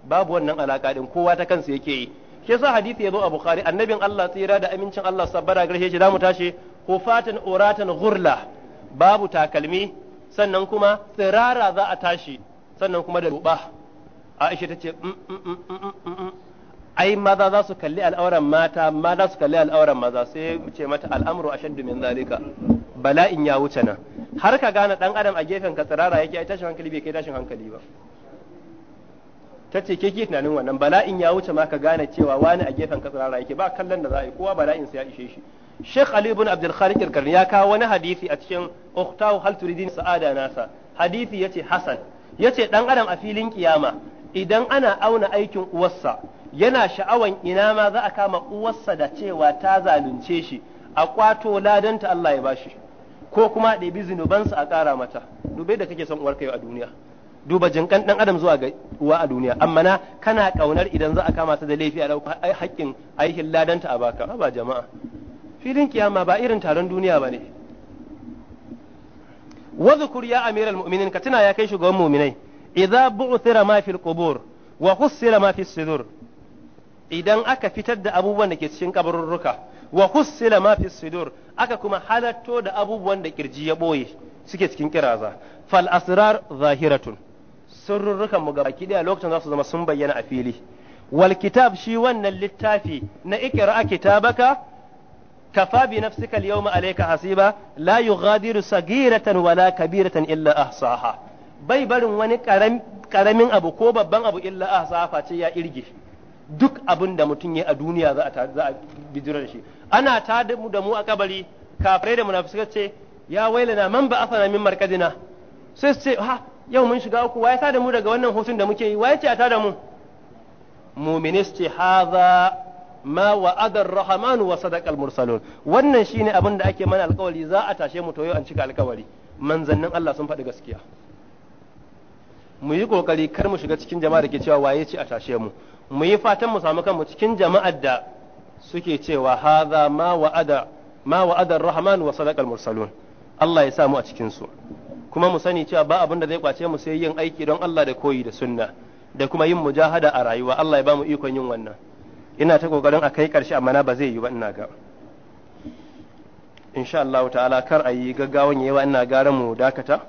babu wannan alaka din kowa ta kansa yake yi shi yasa hadisi yazo a bukhari annabin Allah tsira da amincin Allah sabbara garshe shi zamu tashi fatan uratan ghurla babu takalmi sannan kuma tsirara za a tashi sannan kuma da ruba Aisha ta ce mm, mm, mm, ai maza za su kalli al'auran mata ma za su kalli al'auran maza sai mu ce mata al'amru ashaddu min zalika bala'in ya wuce nan har ka gane dan adam a gefen ka tsirara yake ai tashin hankali bai kai tashin hankali ba tace ke ke tunanin wannan bala'in ya wuce ma ka gane cewa wani a gefen ka tsirara yake ba kallon da za a yi kowa bala'in sai ya ishe shi Sheikh Ali ibn Abdul Khaliq al ya kawo wani hadisi a cikin Ukhtahu hal turidin sa'ada nasa hadisi yace Hasan yace dan adam a filin kiyama idan ana auna aikin uwarsa yana sha'awan ina ma za a kama uwarsa da cewa ta zalunce shi a kwato ladanta Allah ya bashi ko kuma ɗabi zinubansa a ƙara mata dubai da kake son uwar yau a duniya duba jinkan dan adam zuwa ga uwa a duniya amma na kana kaunar idan za a kama ta da laifi a dauka haƙƙin aikin ladanta a baka ba jama'a filin kiyama ba irin taron duniya bane wa dhkur ya amiral mu'minin ka tuna ya kai shugaban mu'minai idza bu'thira ma fil qubur wa hussira idan aka fitar da abubuwan da ke cikin kabarurruka wa hussila ma fi aka kuma halatto da abubuwan da kirji ya boye suke cikin kiraza fal asrar zahiratun sirrurrukan mu gabaki daya lokacin za su zama sun bayyana a fili wal kitab shi wannan littafi na ikra kitabaka كفى bi اليوم عليك حسيبا لا hasiba صغيرة ولا كبيرة wala kabiratan illa ahsaha bai barin wani أبو abu ko babban abu illa فاتي face ya دك duk abin mutum ya a duniya za a za a da shi ana ta da mu a kabari yau mun shiga uku waye ta da mu daga wannan hutun da muke yi waye ce a ta da mu mu'minis ce hadha ma wa'adar rahmanu wa sadaqal mursalun wannan shine abin da ake mana alkawari za a tashe mu toyo an cika alkawari manzannin Allah sun faɗi gaskiya mu yi kokari kar mu shiga cikin jama'a da ke cewa waye ce a tashe mu mu yi fatan mu samu kanmu cikin jama'ar da suke cewa hadha ma wa'ada ma wa'ada rahman wa sadaqal mursalun Allah ya samu a cikin su kuma mu sani cewa ba abin da zai kwace mu sai yin aiki don Allah da koyi da sunna da kuma yin mujahada a rayuwa Allah ya ba mu ikon yin wannan ina ta kokarin a kai karshe amma na ba zai yi ba ina ga insha Allah ta'ala kar a yi gaggawan yawa ina gara mu dakata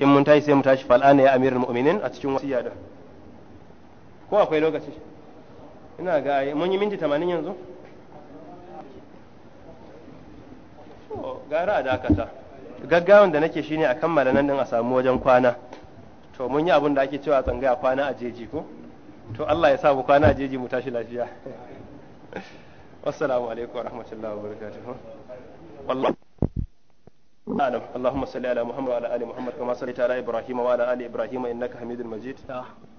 in mun tashi sai mu tashi fal'ana ya amirul mu'minin a cikin wasiya da ko akwai lokaci ina ga mun yi minti 80 yanzu to gara a dakata gaggawan da nake shine a kammala nan din a samu wajen kwana to mun yi abin da ake cewa tsangaya kwana a jeji ko to Allah ya sa mu kwana jeji mu tashi lafiya wassalamu alaikum wa rahmatullahi wa barakatuhu wallahi اللهم صل على محمد وعلى آل محمد كما صليت على إبراهيم وعلى آل إبراهيم إنك حميد مجيد